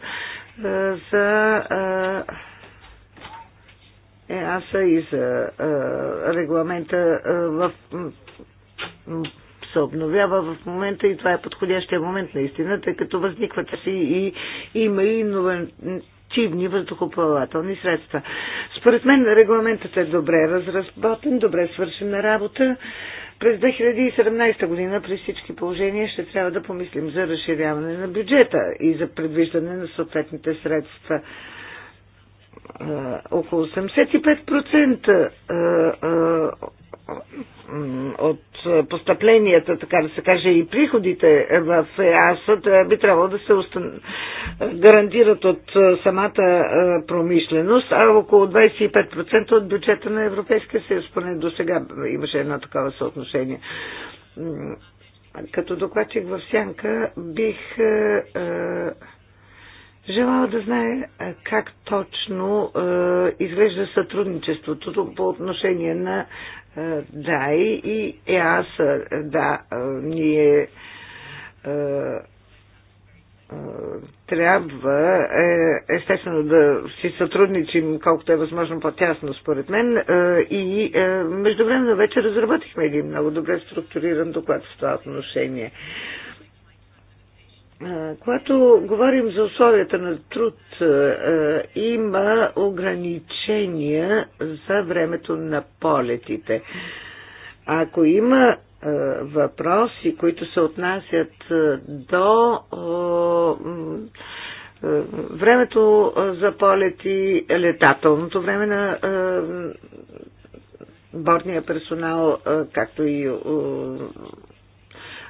за ЕАСА и за е, регламента е, в се обновява в момента и това е подходящия момент наистина, тъй като възникват си и има и иновативни въздухоплавателни средства. Според мен регламентът е добре разработен, добре свършена работа. През 2017 година при всички положения ще трябва да помислим за разширяване на бюджета и за предвиждане на съответните средства. Е, около 75% е, е, от постъпленията, така да се каже, и приходите в ЕАСА би трябвало да се устан... гарантират от самата промишленост, а около 25% от бюджета на Европейския съюз, поне до сега имаше едно такова съотношение. Като докладчик в Сянка бих Желая да знае как точно е, изглежда сътрудничеството по отношение на е, ДАИ и ЕАСА. Да, е, ние е, е, трябва е, естествено да си сътрудничим колкото е възможно по-тясно според мен е, и е, междувременно вече разработихме един много добре структуриран доклад в това отношение. Е, когато говорим за условията на труд, има ограничения за времето на полетите. Ако има въпроси, които се отнасят до времето за полети, летателното време на бордния персонал, както и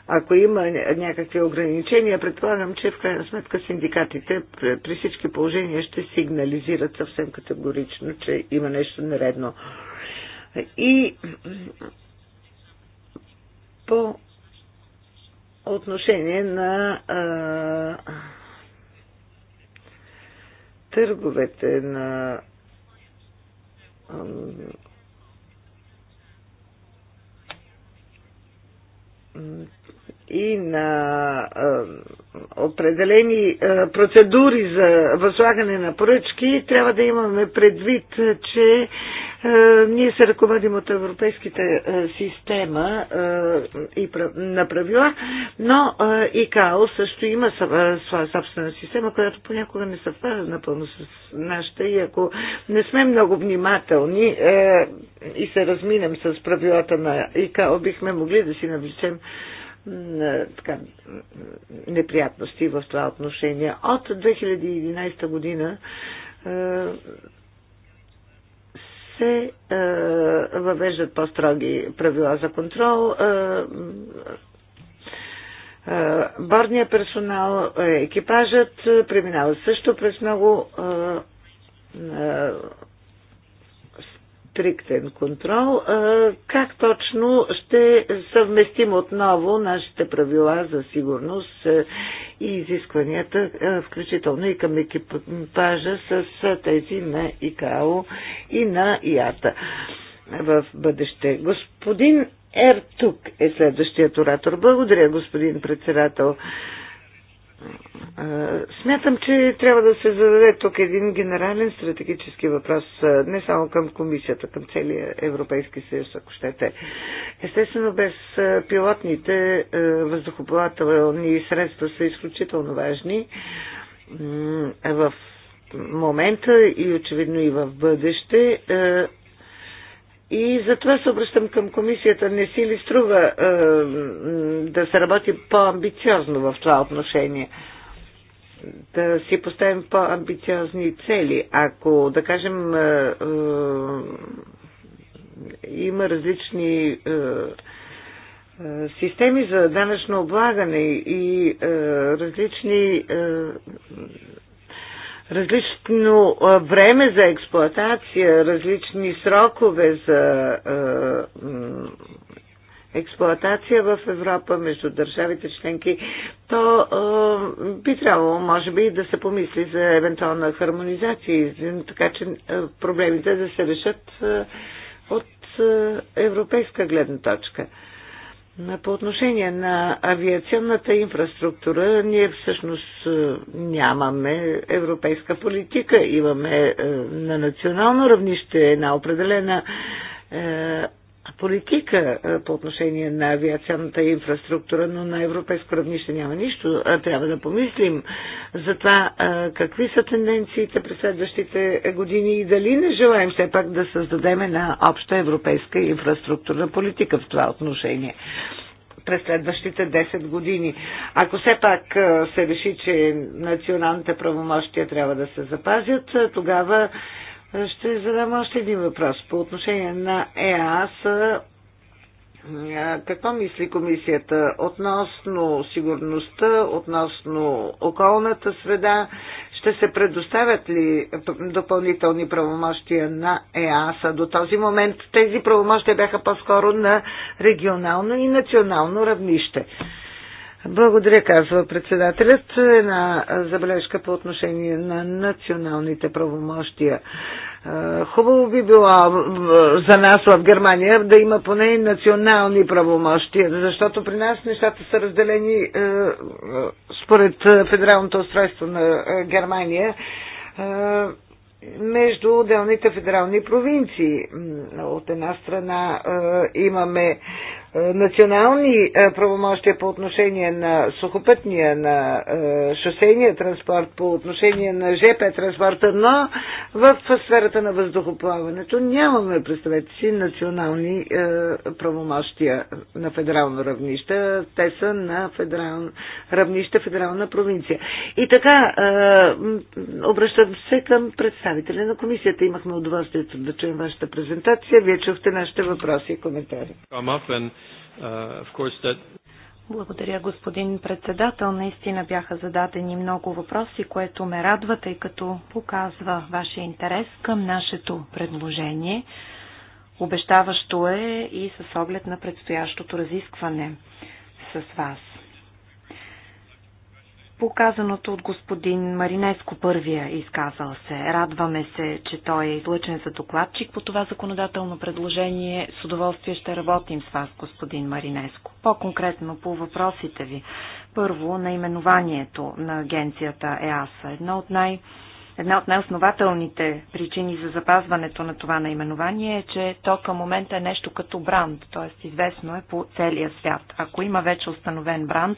ако има някакви ограничения, предполагам, че в крайна сметка синдикатите при всички положения ще сигнализират съвсем категорично, че има нещо нередно. И по отношение на а, търговете на а, и на определени процедури за възлагане на поръчки, трябва да имаме предвид, че ние се ръководим от европейската система и на правила, но ИКАО също има своя собствена система, която понякога не съвпада напълно с нашата и ако не сме много внимателни и се разминем с правилата на ИКАО, бихме могли да си навлечем така, неприятности в това отношение. От 2011 година е, се е, въвеждат по-строги правила за контрол. Е, Борният персонал, екипажът преминава също през много стриктен контрол. Как точно ще съвместим отново нашите правила за сигурност и изискванията, включително и към екипажа с тези на ИКАО и на ИАТА в бъдеще. Господин Ертук е следващият оратор. Благодаря, господин председател. Смятам, че трябва да се зададе тук един генерален стратегически въпрос, не само към комисията, към целия Европейски съюз, ако щете. Естествено, без пилотните въздухоплавателни средства са изключително важни. В момента и очевидно и в бъдеще и затова се обръщам към комисията. Не си ли струва е, да се работи по-амбициозно в това отношение? Да си поставим по-амбициозни цели. Ако, да кажем, е, е, има различни е, е системи за данъчно облагане и е, различни е, различно време за експлоатация, различни срокове за експлоатация в Европа между държавите членки, то а, би трябвало, може би, да се помисли за евентуална хармонизация, така че а, проблемите да се решат а, от а, европейска гледна точка. По отношение на авиационната инфраструктура, ние всъщност нямаме европейска политика, имаме на национално равнище една определена политика по отношение на авиационната инфраструктура, но на европейско равнище няма нищо. Трябва да помислим за това какви са тенденциите през следващите години и дали не желаем все пак да създадем една обща европейска инфраструктурна политика в това отношение през следващите 10 години. Ако все пак се реши, че националните правомощия трябва да се запазят, тогава ще задам още един въпрос по отношение на ЕАС. Какво мисли комисията относно сигурността, относно околната среда? Ще се предоставят ли допълнителни правомощия на ЕАСа? До този момент тези правомощия бяха по-скоро на регионално и национално равнище. Благодаря, казва председателят. Една забележка по отношение на националните правомощия. Хубаво би било за нас в Германия да има поне национални правомощия, защото при нас нещата са разделени според федералното устройство на Германия между отделните федерални провинции. От една страна имаме е, национални е, правомощия по отношение на сухопътния, на е, шосейния транспорт, по отношение на ЖП транспорта, но в сферата на въздухоплаването нямаме, представете си, национални правомощия на федерално равнище. Те са на федерал... равнище федерална провинция. И така, обръщам се към представителя на комисията. Имахме удоволствието да чуем вашата презентация. Вие чухте нашите въпроси и коментари. Uh, благодаря, господин председател. Наистина бяха зададени много въпроси, което ме радва, тъй като показва вашия интерес към нашето предложение. Обещаващо е и с оглед на предстоящото разискване с вас показаното от господин Маринеско първия изказал се. Радваме се, че той е излъчен за докладчик по това законодателно предложение. С удоволствие ще работим с вас, господин Маринеско. По-конкретно по въпросите ви. Първо, наименованието на агенцията ЕАСА. Едно от най- Една от най-основателните причини за запазването на това наименование е, че то към момента е нещо като бранд, т.е. известно е по целия свят. Ако има вече установен бранд,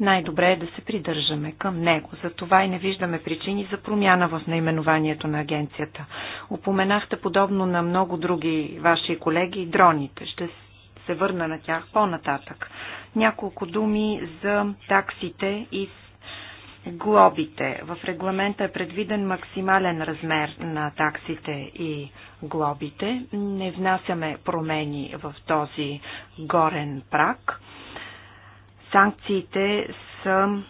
най-добре е да се придържаме към него. Затова и не виждаме причини за промяна в наименованието на агенцията. Упоменахте подобно на много други ваши колеги дроните. Ще се върна на тях по-нататък. Няколко думи за таксите и глобите. В регламента е предвиден максимален размер на таксите и глобите. Не внасяме промени в този горен прак. Санкциите са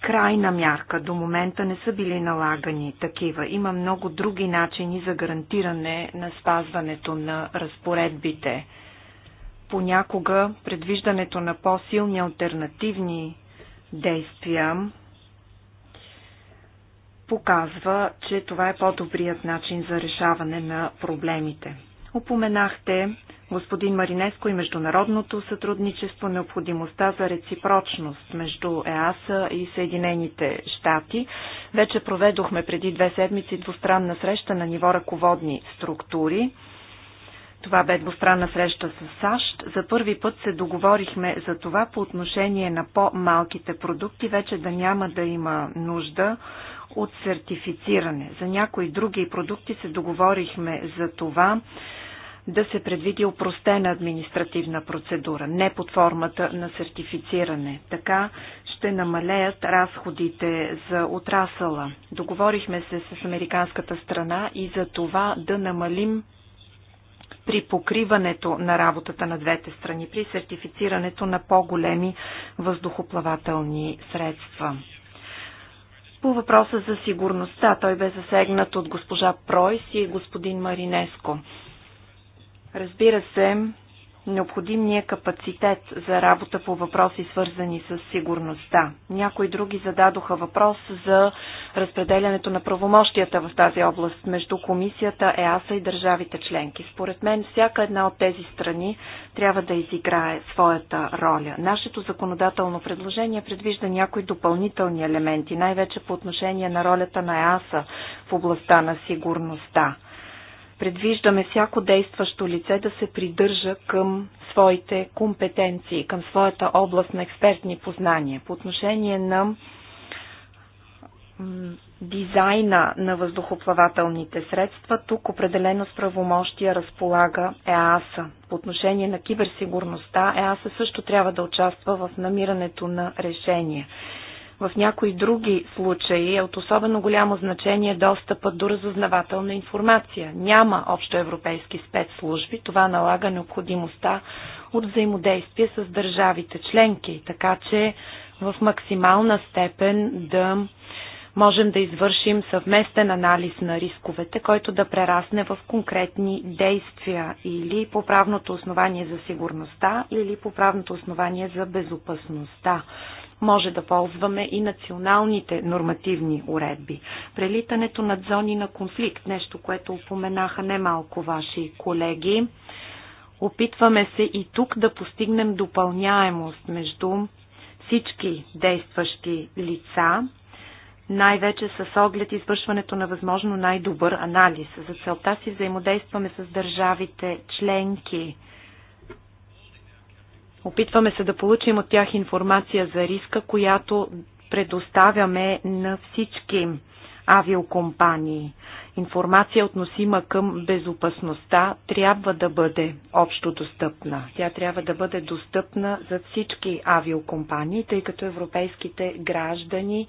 крайна мярка. До момента не са били налагани такива. Има много други начини за гарантиране на спазването на разпоредбите. Понякога предвиждането на по-силни альтернативни действия показва, че това е по-добрият начин за решаване на проблемите. Упоменахте господин Маринеско и международното сътрудничество, необходимостта за реципрочност между ЕАСА и Съединените щати. Вече проведохме преди две седмици двустранна среща на ниво ръководни структури. Това бе двустранна среща с САЩ. За първи път се договорихме за това по отношение на по-малките продукти, вече да няма да има нужда от сертифициране. За някои други продукти се договорихме за това да се предвиди опростена административна процедура, не под формата на сертифициране. Така ще намалеят разходите за отрасъла. Договорихме се с американската страна и за това да намалим при покриването на работата на двете страни, при сертифицирането на по-големи въздухоплавателни средства. По въпроса за сигурността, той бе засегнат от госпожа Пройс и господин Маринеско. Разбира се, необходимния е капацитет за работа по въпроси, свързани с сигурността. Някои други зададоха въпрос за разпределянето на правомощията в тази област между комисията, ЕАСА и държавите членки. Според мен всяка една от тези страни трябва да изиграе своята роля. Нашето законодателно предложение предвижда някои допълнителни елементи, най-вече по отношение на ролята на ЕАСА в областта на сигурността. Предвиждаме всяко действащо лице да се придържа към своите компетенции, към своята област на експертни познания. По отношение на дизайна на въздухоплавателните средства, тук определено с правомощия разполага ЕАСА. По отношение на киберсигурността, ЕАСА също трябва да участва в намирането на решения. В някои други случаи е от особено голямо значение достъпът до разузнавателна информация. Няма общоевропейски спецслужби, това налага необходимостта от взаимодействие с държавите членки, така че в максимална степен да можем да извършим съвместен анализ на рисковете, който да прерасне в конкретни действия или по правното основание за сигурността, или по правното основание за безопасността може да ползваме и националните нормативни уредби. Прелитането над зони на конфликт, нещо, което упоменаха немалко ваши колеги. Опитваме се и тук да постигнем допълняемост между всички действащи лица, най-вече с оглед извършването на възможно най-добър анализ. За целта си взаимодействаме с държавите членки. Опитваме се да получим от тях информация за риска, която предоставяме на всички авиокомпании. Информация относима към безопасността трябва да бъде общо достъпна. Тя трябва да бъде достъпна за всички авиокомпании, тъй като европейските граждани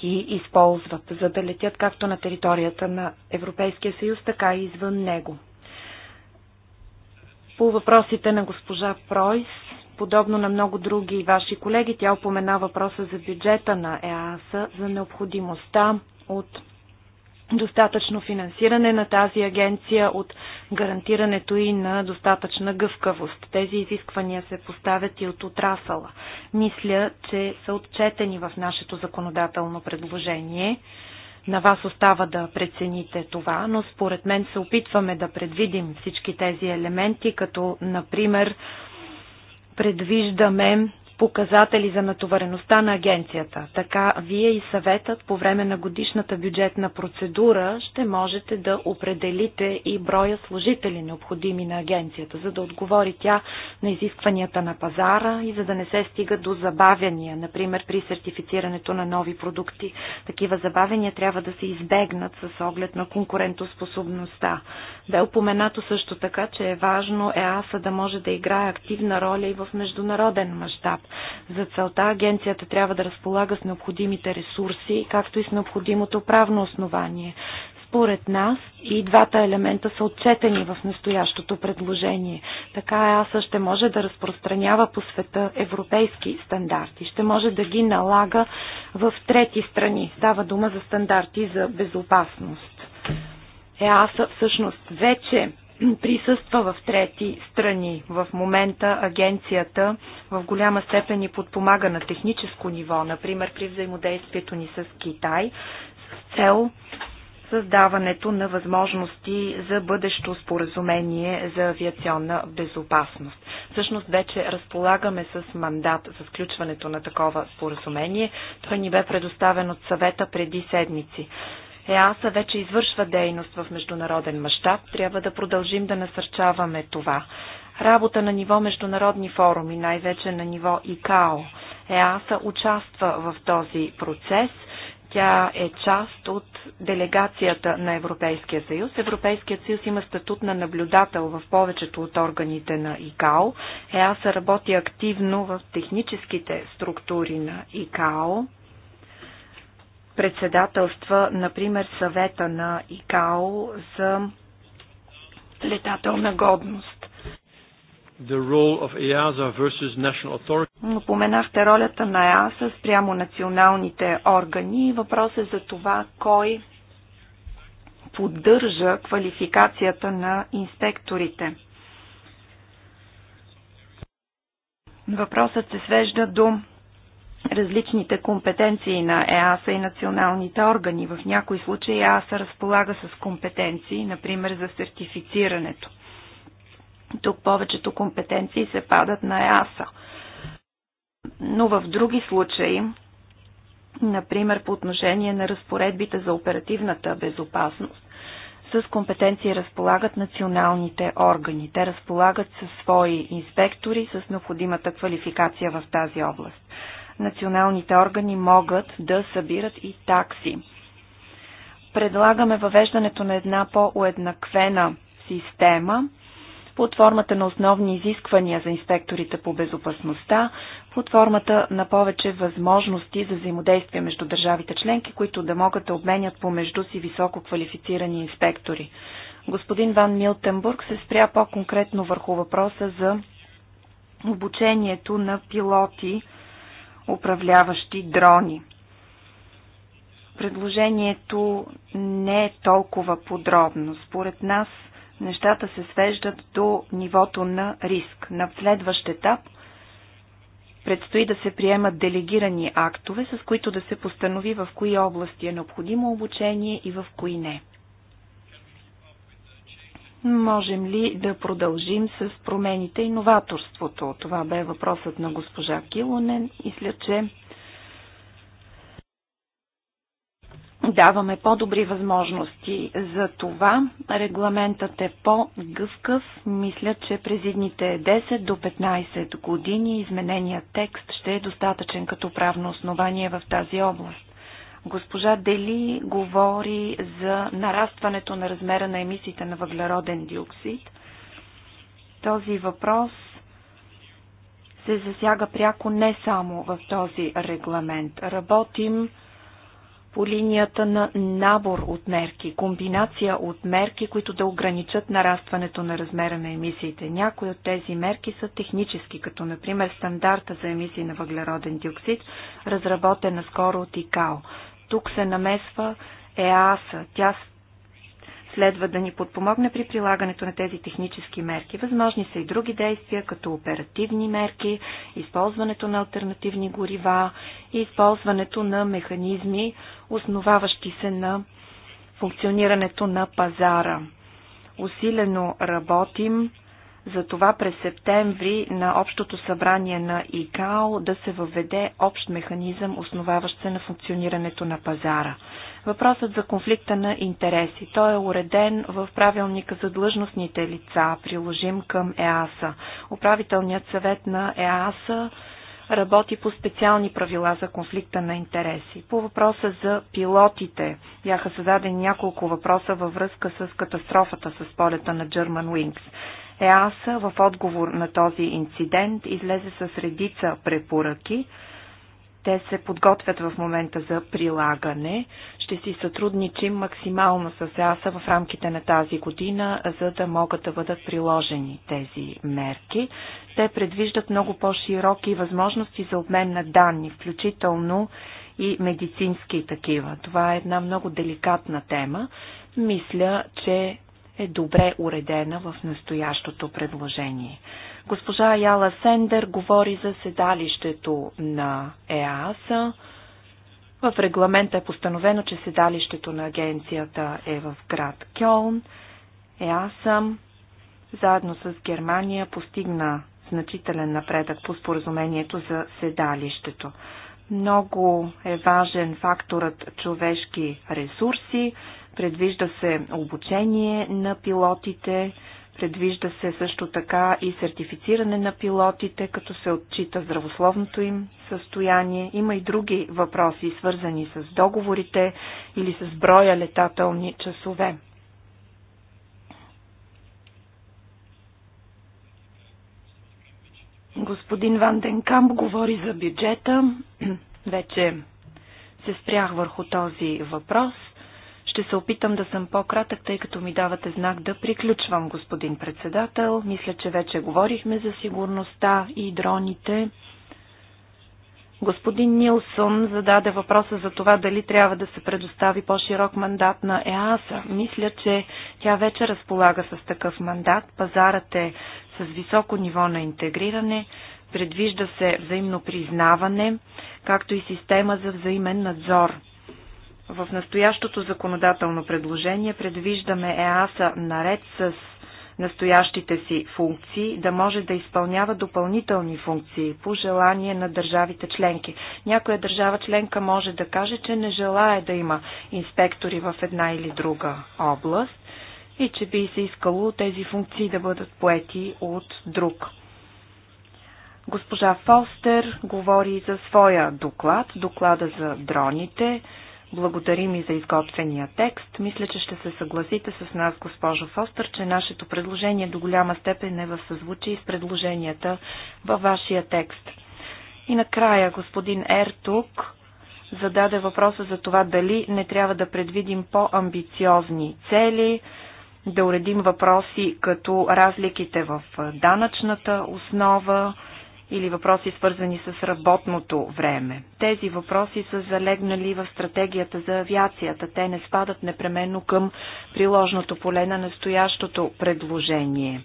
ги използват, за да летят както на територията на Европейския съюз, така и извън него. По въпросите на госпожа Пройс, подобно на много други ваши колеги, тя упомена въпроса за бюджета на ЕАСА, за необходимостта от достатъчно финансиране на тази агенция, от гарантирането и на достатъчна гъвкавост. Тези изисквания се поставят и от отрасала. Мисля, че са отчетени в нашето законодателно предложение. На вас остава да прецените това, но според мен се опитваме да предвидим всички тези елементи, като например предвиждаме показатели за натовареността на агенцията. Така вие и съветът по време на годишната бюджетна процедура ще можете да определите и броя служители необходими на агенцията, за да отговори тя на изискванията на пазара и за да не се стига до забавяния, например при сертифицирането на нови продукти. Такива забавяния трябва да се избегнат с оглед на конкурентоспособността. Бе упоменато също така, че е важно ЕАСА да може да играе активна роля и в международен мащаб. За целта агенцията трябва да разполага с необходимите ресурси, както и с необходимото правно основание. Според нас и двата елемента са отчетени в настоящото предложение. Така ЕАСА ще може да разпространява по света европейски стандарти, ще може да ги налага в трети страни. Става дума за стандарти за безопасност. ЕАСА всъщност вече присъства в трети страни. В момента агенцията в голяма степен ни подпомага на техническо ниво, например при взаимодействието ни с Китай, с цел създаването на възможности за бъдещо споразумение за авиационна безопасност. Всъщност вече разполагаме с мандат за сключването на такова споразумение. Той ни бе предоставен от съвета преди седмици. ЕАСА вече извършва дейност в международен мащаб, трябва да продължим да насърчаваме това. Работа на ниво международни форуми, най-вече на ниво ИКАО. ЕАСА участва в този процес. Тя е част от делегацията на Европейския съюз. Европейският съюз има статут на наблюдател в повечето от органите на ИКАО. ЕАСА работи активно в техническите структури на ИКАО председателства, например, съвета на ИКАО за летателна годност. Напоменахте ролята на ЕАСА спрямо националните органи и въпрос е за това кой поддържа квалификацията на инспекторите. Въпросът се свежда до различните компетенции на ЕАСА и националните органи. В някои случаи ЕАСА разполага с компетенции, например за сертифицирането. Тук повечето компетенции се падат на ЕАСА. Но в други случаи, например по отношение на разпоредбите за оперативната безопасност, с компетенции разполагат националните органи. Те разполагат със свои инспектори с необходимата квалификация в тази област националните органи могат да събират и такси. Предлагаме въвеждането на една по-уеднаквена система под формата на основни изисквания за инспекторите по безопасността, под формата на повече възможности за взаимодействие между държавите членки, които да могат да обменят помежду си високо квалифицирани инспектори. Господин Ван Милтенбург се спря по-конкретно върху въпроса за обучението на пилоти управляващи дрони. Предложението не е толкова подробно. Според нас нещата се свеждат до нивото на риск. На следващ етап предстои да се приемат делегирани актове, с които да се постанови в кои области е необходимо обучение и в кои не. Можем ли да продължим с промените и новаторството? Това бе въпросът на госпожа Килонен. Мисля, че даваме по-добри възможности за това. Регламентът е по гъвкъв Мисля, че през едните 10 до 15 години изменения текст ще е достатъчен като правно основание в тази област. Госпожа Дели говори за нарастването на размера на емисиите на въглероден диоксид. Този въпрос се засяга пряко не само в този регламент. Работим по линията на набор от мерки, комбинация от мерки, които да ограничат нарастването на размера на емисиите. Някои от тези мерки са технически, като например стандарта за емисии на въглероден диоксид, разработена скоро от ИКАО. Тук се намесва ЕАСА. Тя следва да ни подпомогне при прилагането на тези технически мерки. Възможни са и други действия, като оперативни мерки, използването на альтернативни горива и използването на механизми, основаващи се на функционирането на пазара. Усилено работим затова през септември на Общото събрание на ИКАО да се въведе общ механизъм, основаващ се на функционирането на пазара. Въпросът за конфликта на интереси. Той е уреден в правилника за длъжностните лица, приложим към ЕАСА. Управителният съвет на ЕАСА работи по специални правила за конфликта на интереси. По въпроса за пилотите бяха създадени няколко въпроса във връзка с катастрофата с полета на German Wings. ЕАСА в отговор на този инцидент излезе с редица препоръки. Те се подготвят в момента за прилагане. Ще си сътрудничим максимално с ЕАСА в рамките на тази година, за да могат да бъдат приложени тези мерки. Те предвиждат много по-широки възможности за обмен на данни, включително и медицински такива. Това е една много деликатна тема. Мисля, че е добре уредена в настоящото предложение. Госпожа Яла Сендер говори за седалището на ЕАСА. В регламента е постановено, че седалището на агенцията е в град Кьолн. ЕАСА заедно с Германия постигна значителен напредък по споразумението за седалището. Много е важен факторът човешки ресурси. Предвижда се обучение на пилотите, предвижда се също така и сертифициране на пилотите, като се отчита здравословното им състояние. Има и други въпроси, свързани с договорите или с броя летателни часове. Господин Ван Денкамп говори за бюджета. Вече се спрях върху този въпрос – ще се опитам да съм по-кратък, тъй като ми давате знак да приключвам, господин председател. Мисля, че вече говорихме за сигурността и дроните. Господин Нилсон зададе въпроса за това дали трябва да се предостави по-широк мандат на ЕАСА. Мисля, че тя вече разполага с такъв мандат. Пазарът е с високо ниво на интегриране, предвижда се взаимно признаване, както и система за взаимен надзор – в настоящото законодателно предложение предвиждаме ЕАСА наред с настоящите си функции, да може да изпълнява допълнителни функции по желание на държавите членки. Някоя държава членка може да каже, че не желая да има инспектори в една или друга област и че би се искало тези функции да бъдат поети от друг. Госпожа Фостер говори за своя доклад, доклада за дроните, Благодарим и за изготвения текст. Мисля, че ще се съгласите с нас, госпожо Фостър, че нашето предложение до голяма степен е в съзвучие с предложенията във вашия текст. И накрая господин Ертук зададе въпроса за това дали не трябва да предвидим по-амбициозни цели, да уредим въпроси като разликите в данъчната основа, или въпроси свързани с работното време. Тези въпроси са залегнали в стратегията за авиацията. Те не спадат непременно към приложното поле на настоящото предложение.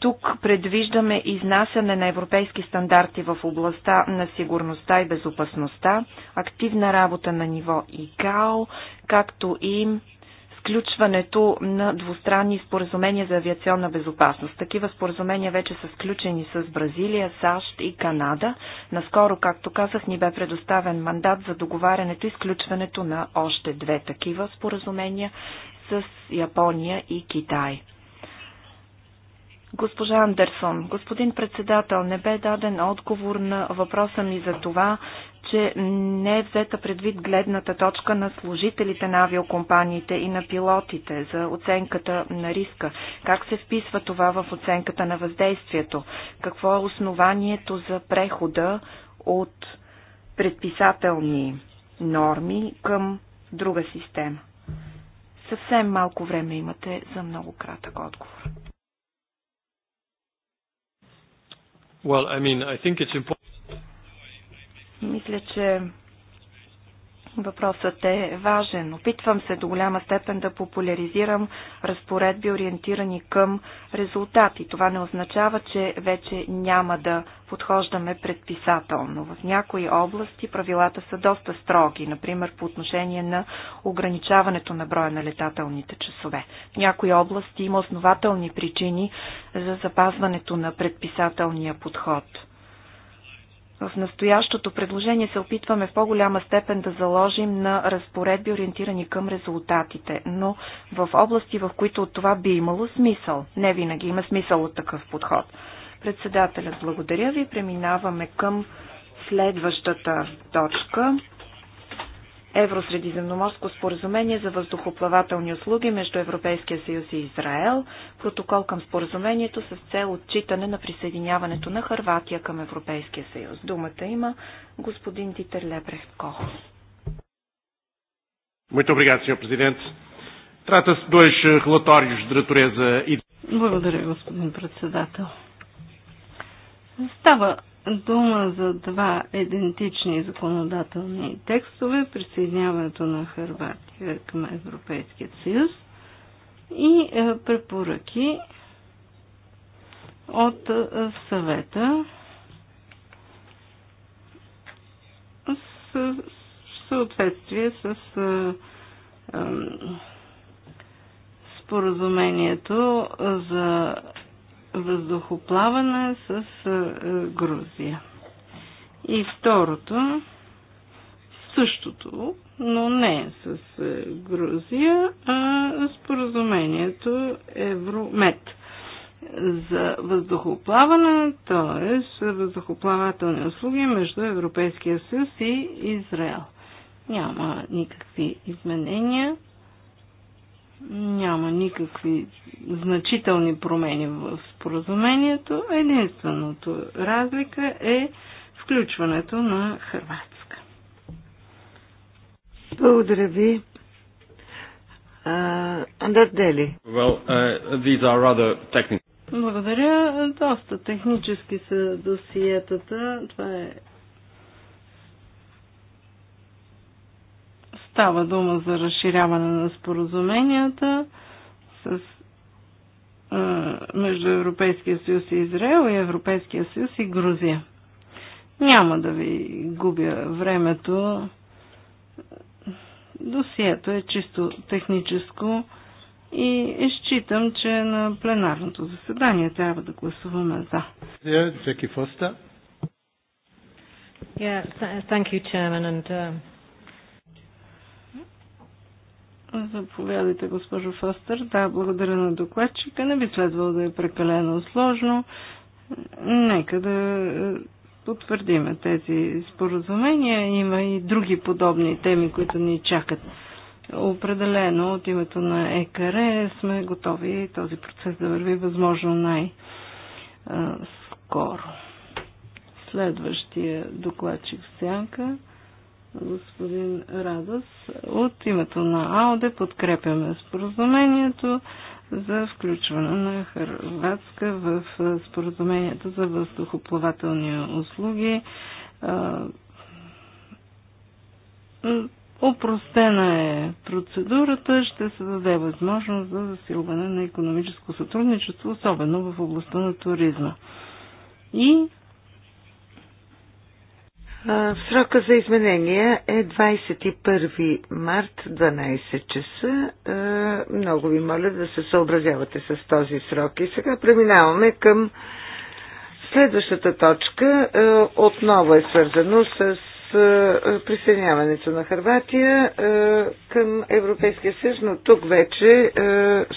Тук предвиждаме изнасяне на европейски стандарти в областта на сигурността и безопасността, активна работа на ниво ИКАО, както и сключването на двустранни споразумения за авиационна безопасност. Такива споразумения вече са сключени с Бразилия, САЩ и Канада. Наскоро, както казах, ни бе предоставен мандат за договарянето и сключването на още две такива споразумения с Япония и Китай. Госпожа Андерсон, господин председател, не бе даден отговор на въпроса ми за това, че не е взета предвид гледната точка на служителите на авиокомпаниите и на пилотите за оценката на риска. Как се вписва това в оценката на въздействието? Какво е основанието за прехода от предписателни норми към друга система? Съвсем малко време имате за много кратък отговор. Well, I mean, I think it's important. Мисля, че Въпросът е важен. Опитвам се до голяма степен да популяризирам разпоредби, ориентирани към резултати. Това не означава, че вече няма да подхождаме предписателно. В някои области правилата са доста строги, например по отношение на ограничаването на броя на летателните часове. В някои области има основателни причини за запазването на предписателния подход – в настоящото предложение се опитваме в по-голяма степен да заложим на разпоредби, ориентирани към резултатите, но в области, в които от това би имало смисъл. Не винаги има смисъл от такъв подход. Председателят, благодаря ви. Преминаваме към следващата точка. Евросредиземноморско споразумение за въздухоплавателни услуги между Европейския съюз и Израел, протокол към споразумението с цел отчитане на присъединяването на Харватия към Европейския съюз. Думата има господин Дитер Лебрехт Кох. Muito obrigado, Sr. Presidente. Trata-se de dois eh, relatórios de natureza. E- Благодаря, господин председател. Става дума за два идентични законодателни текстове присъединяването на Харватия към Европейския съюз и е, препоръки от е, съвета в съответствие с е, споразумението за въздухоплаване с е, Грузия. И второто, същото, но не с е, Грузия, а споразумението Евромет за въздухоплаване, т.е. въздухоплавателни услуги между Европейския съюз и Израел. Няма никакви изменения. Няма никакви значителни промени в споразумението. Единственото разлика е включването на Хрватска. Благодаря ви. Андер Дели. Uh, Благодаря. Доста технически са досиетата. Това е Става дума за разширяване на споразуменията с, а, е, между Европейския съюз и Израел и Европейския съюз и Грузия. Няма да ви губя времето. Досието е чисто техническо и считам, че на пленарното заседание трябва да гласуваме за. Джеки Yeah, thank you, Chairman, and uh, Заповядайте, госпожо Фостер. Да, благодаря на докладчика. Не би следвало да е прекалено сложно. Нека да е, потвърдиме тези споразумения. Има и други подобни теми, които ни чакат. Определено от името на ЕКР сме готови този процес да върви възможно най-скоро. Е, Следващия докладчик в сянка господин Радос. От името на АОДЕ подкрепяме споразумението за включване на харватска в споразумението за въздухоплавателни услуги. Опростена е процедурата, ще се даде възможност за засилване на економическо сътрудничество, особено в областта на туризма. И Срока за изменения е 21 март 12 часа. Много ви моля да се съобразявате с този срок. И сега преминаваме към следващата точка. Отново е свързано с присъединяването на Харватия към Европейския съюз, но тук вече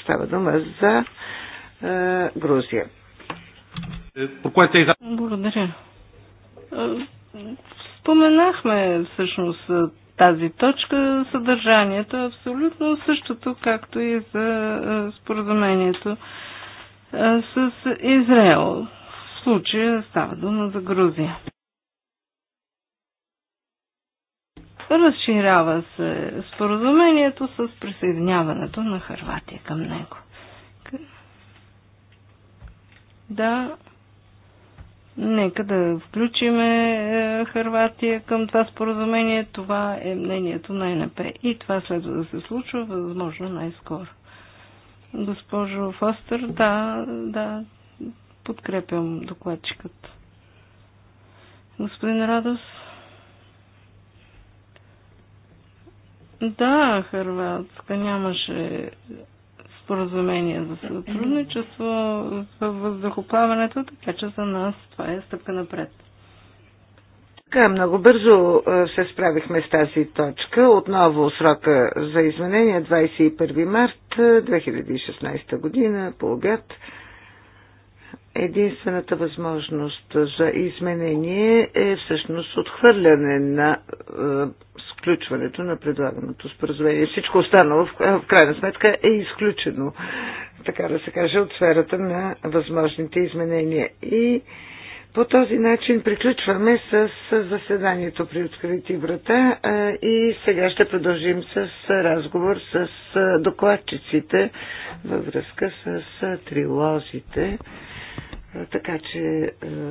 става дума за Грузия. Е Благодаря споменахме всъщност тази точка. Съдържанието е абсолютно същото, както и за споразумението с Израел. В случая става дума за Грузия. Разширява се споразумението с присъединяването на Харватия към него. Да, Нека да включиме Харватия към това споразумение. Това е мнението на НП. И това следва да се случва възможно най-скоро. Госпожо Фостер, да, да, подкрепям докладчикът. Господин Радос. Да, Хърватска нямаше споразумение за сътрудничество в въздухоплаването, така че за нас това е стъпка напред. Така, много бързо се справихме с тази точка. Отново срока за изменение 21 март 2016 година по обяд единствената възможност за изменение е всъщност отхвърляне на е, сключването на предлаганото споразумение. Всичко останало в крайна сметка е изключено, така да се каже, от сферата на възможните изменения. И по този начин приключваме с заседанието при открити врата е, и сега ще продължим с разговор с докладчиците във връзка с трилозите. Така че е,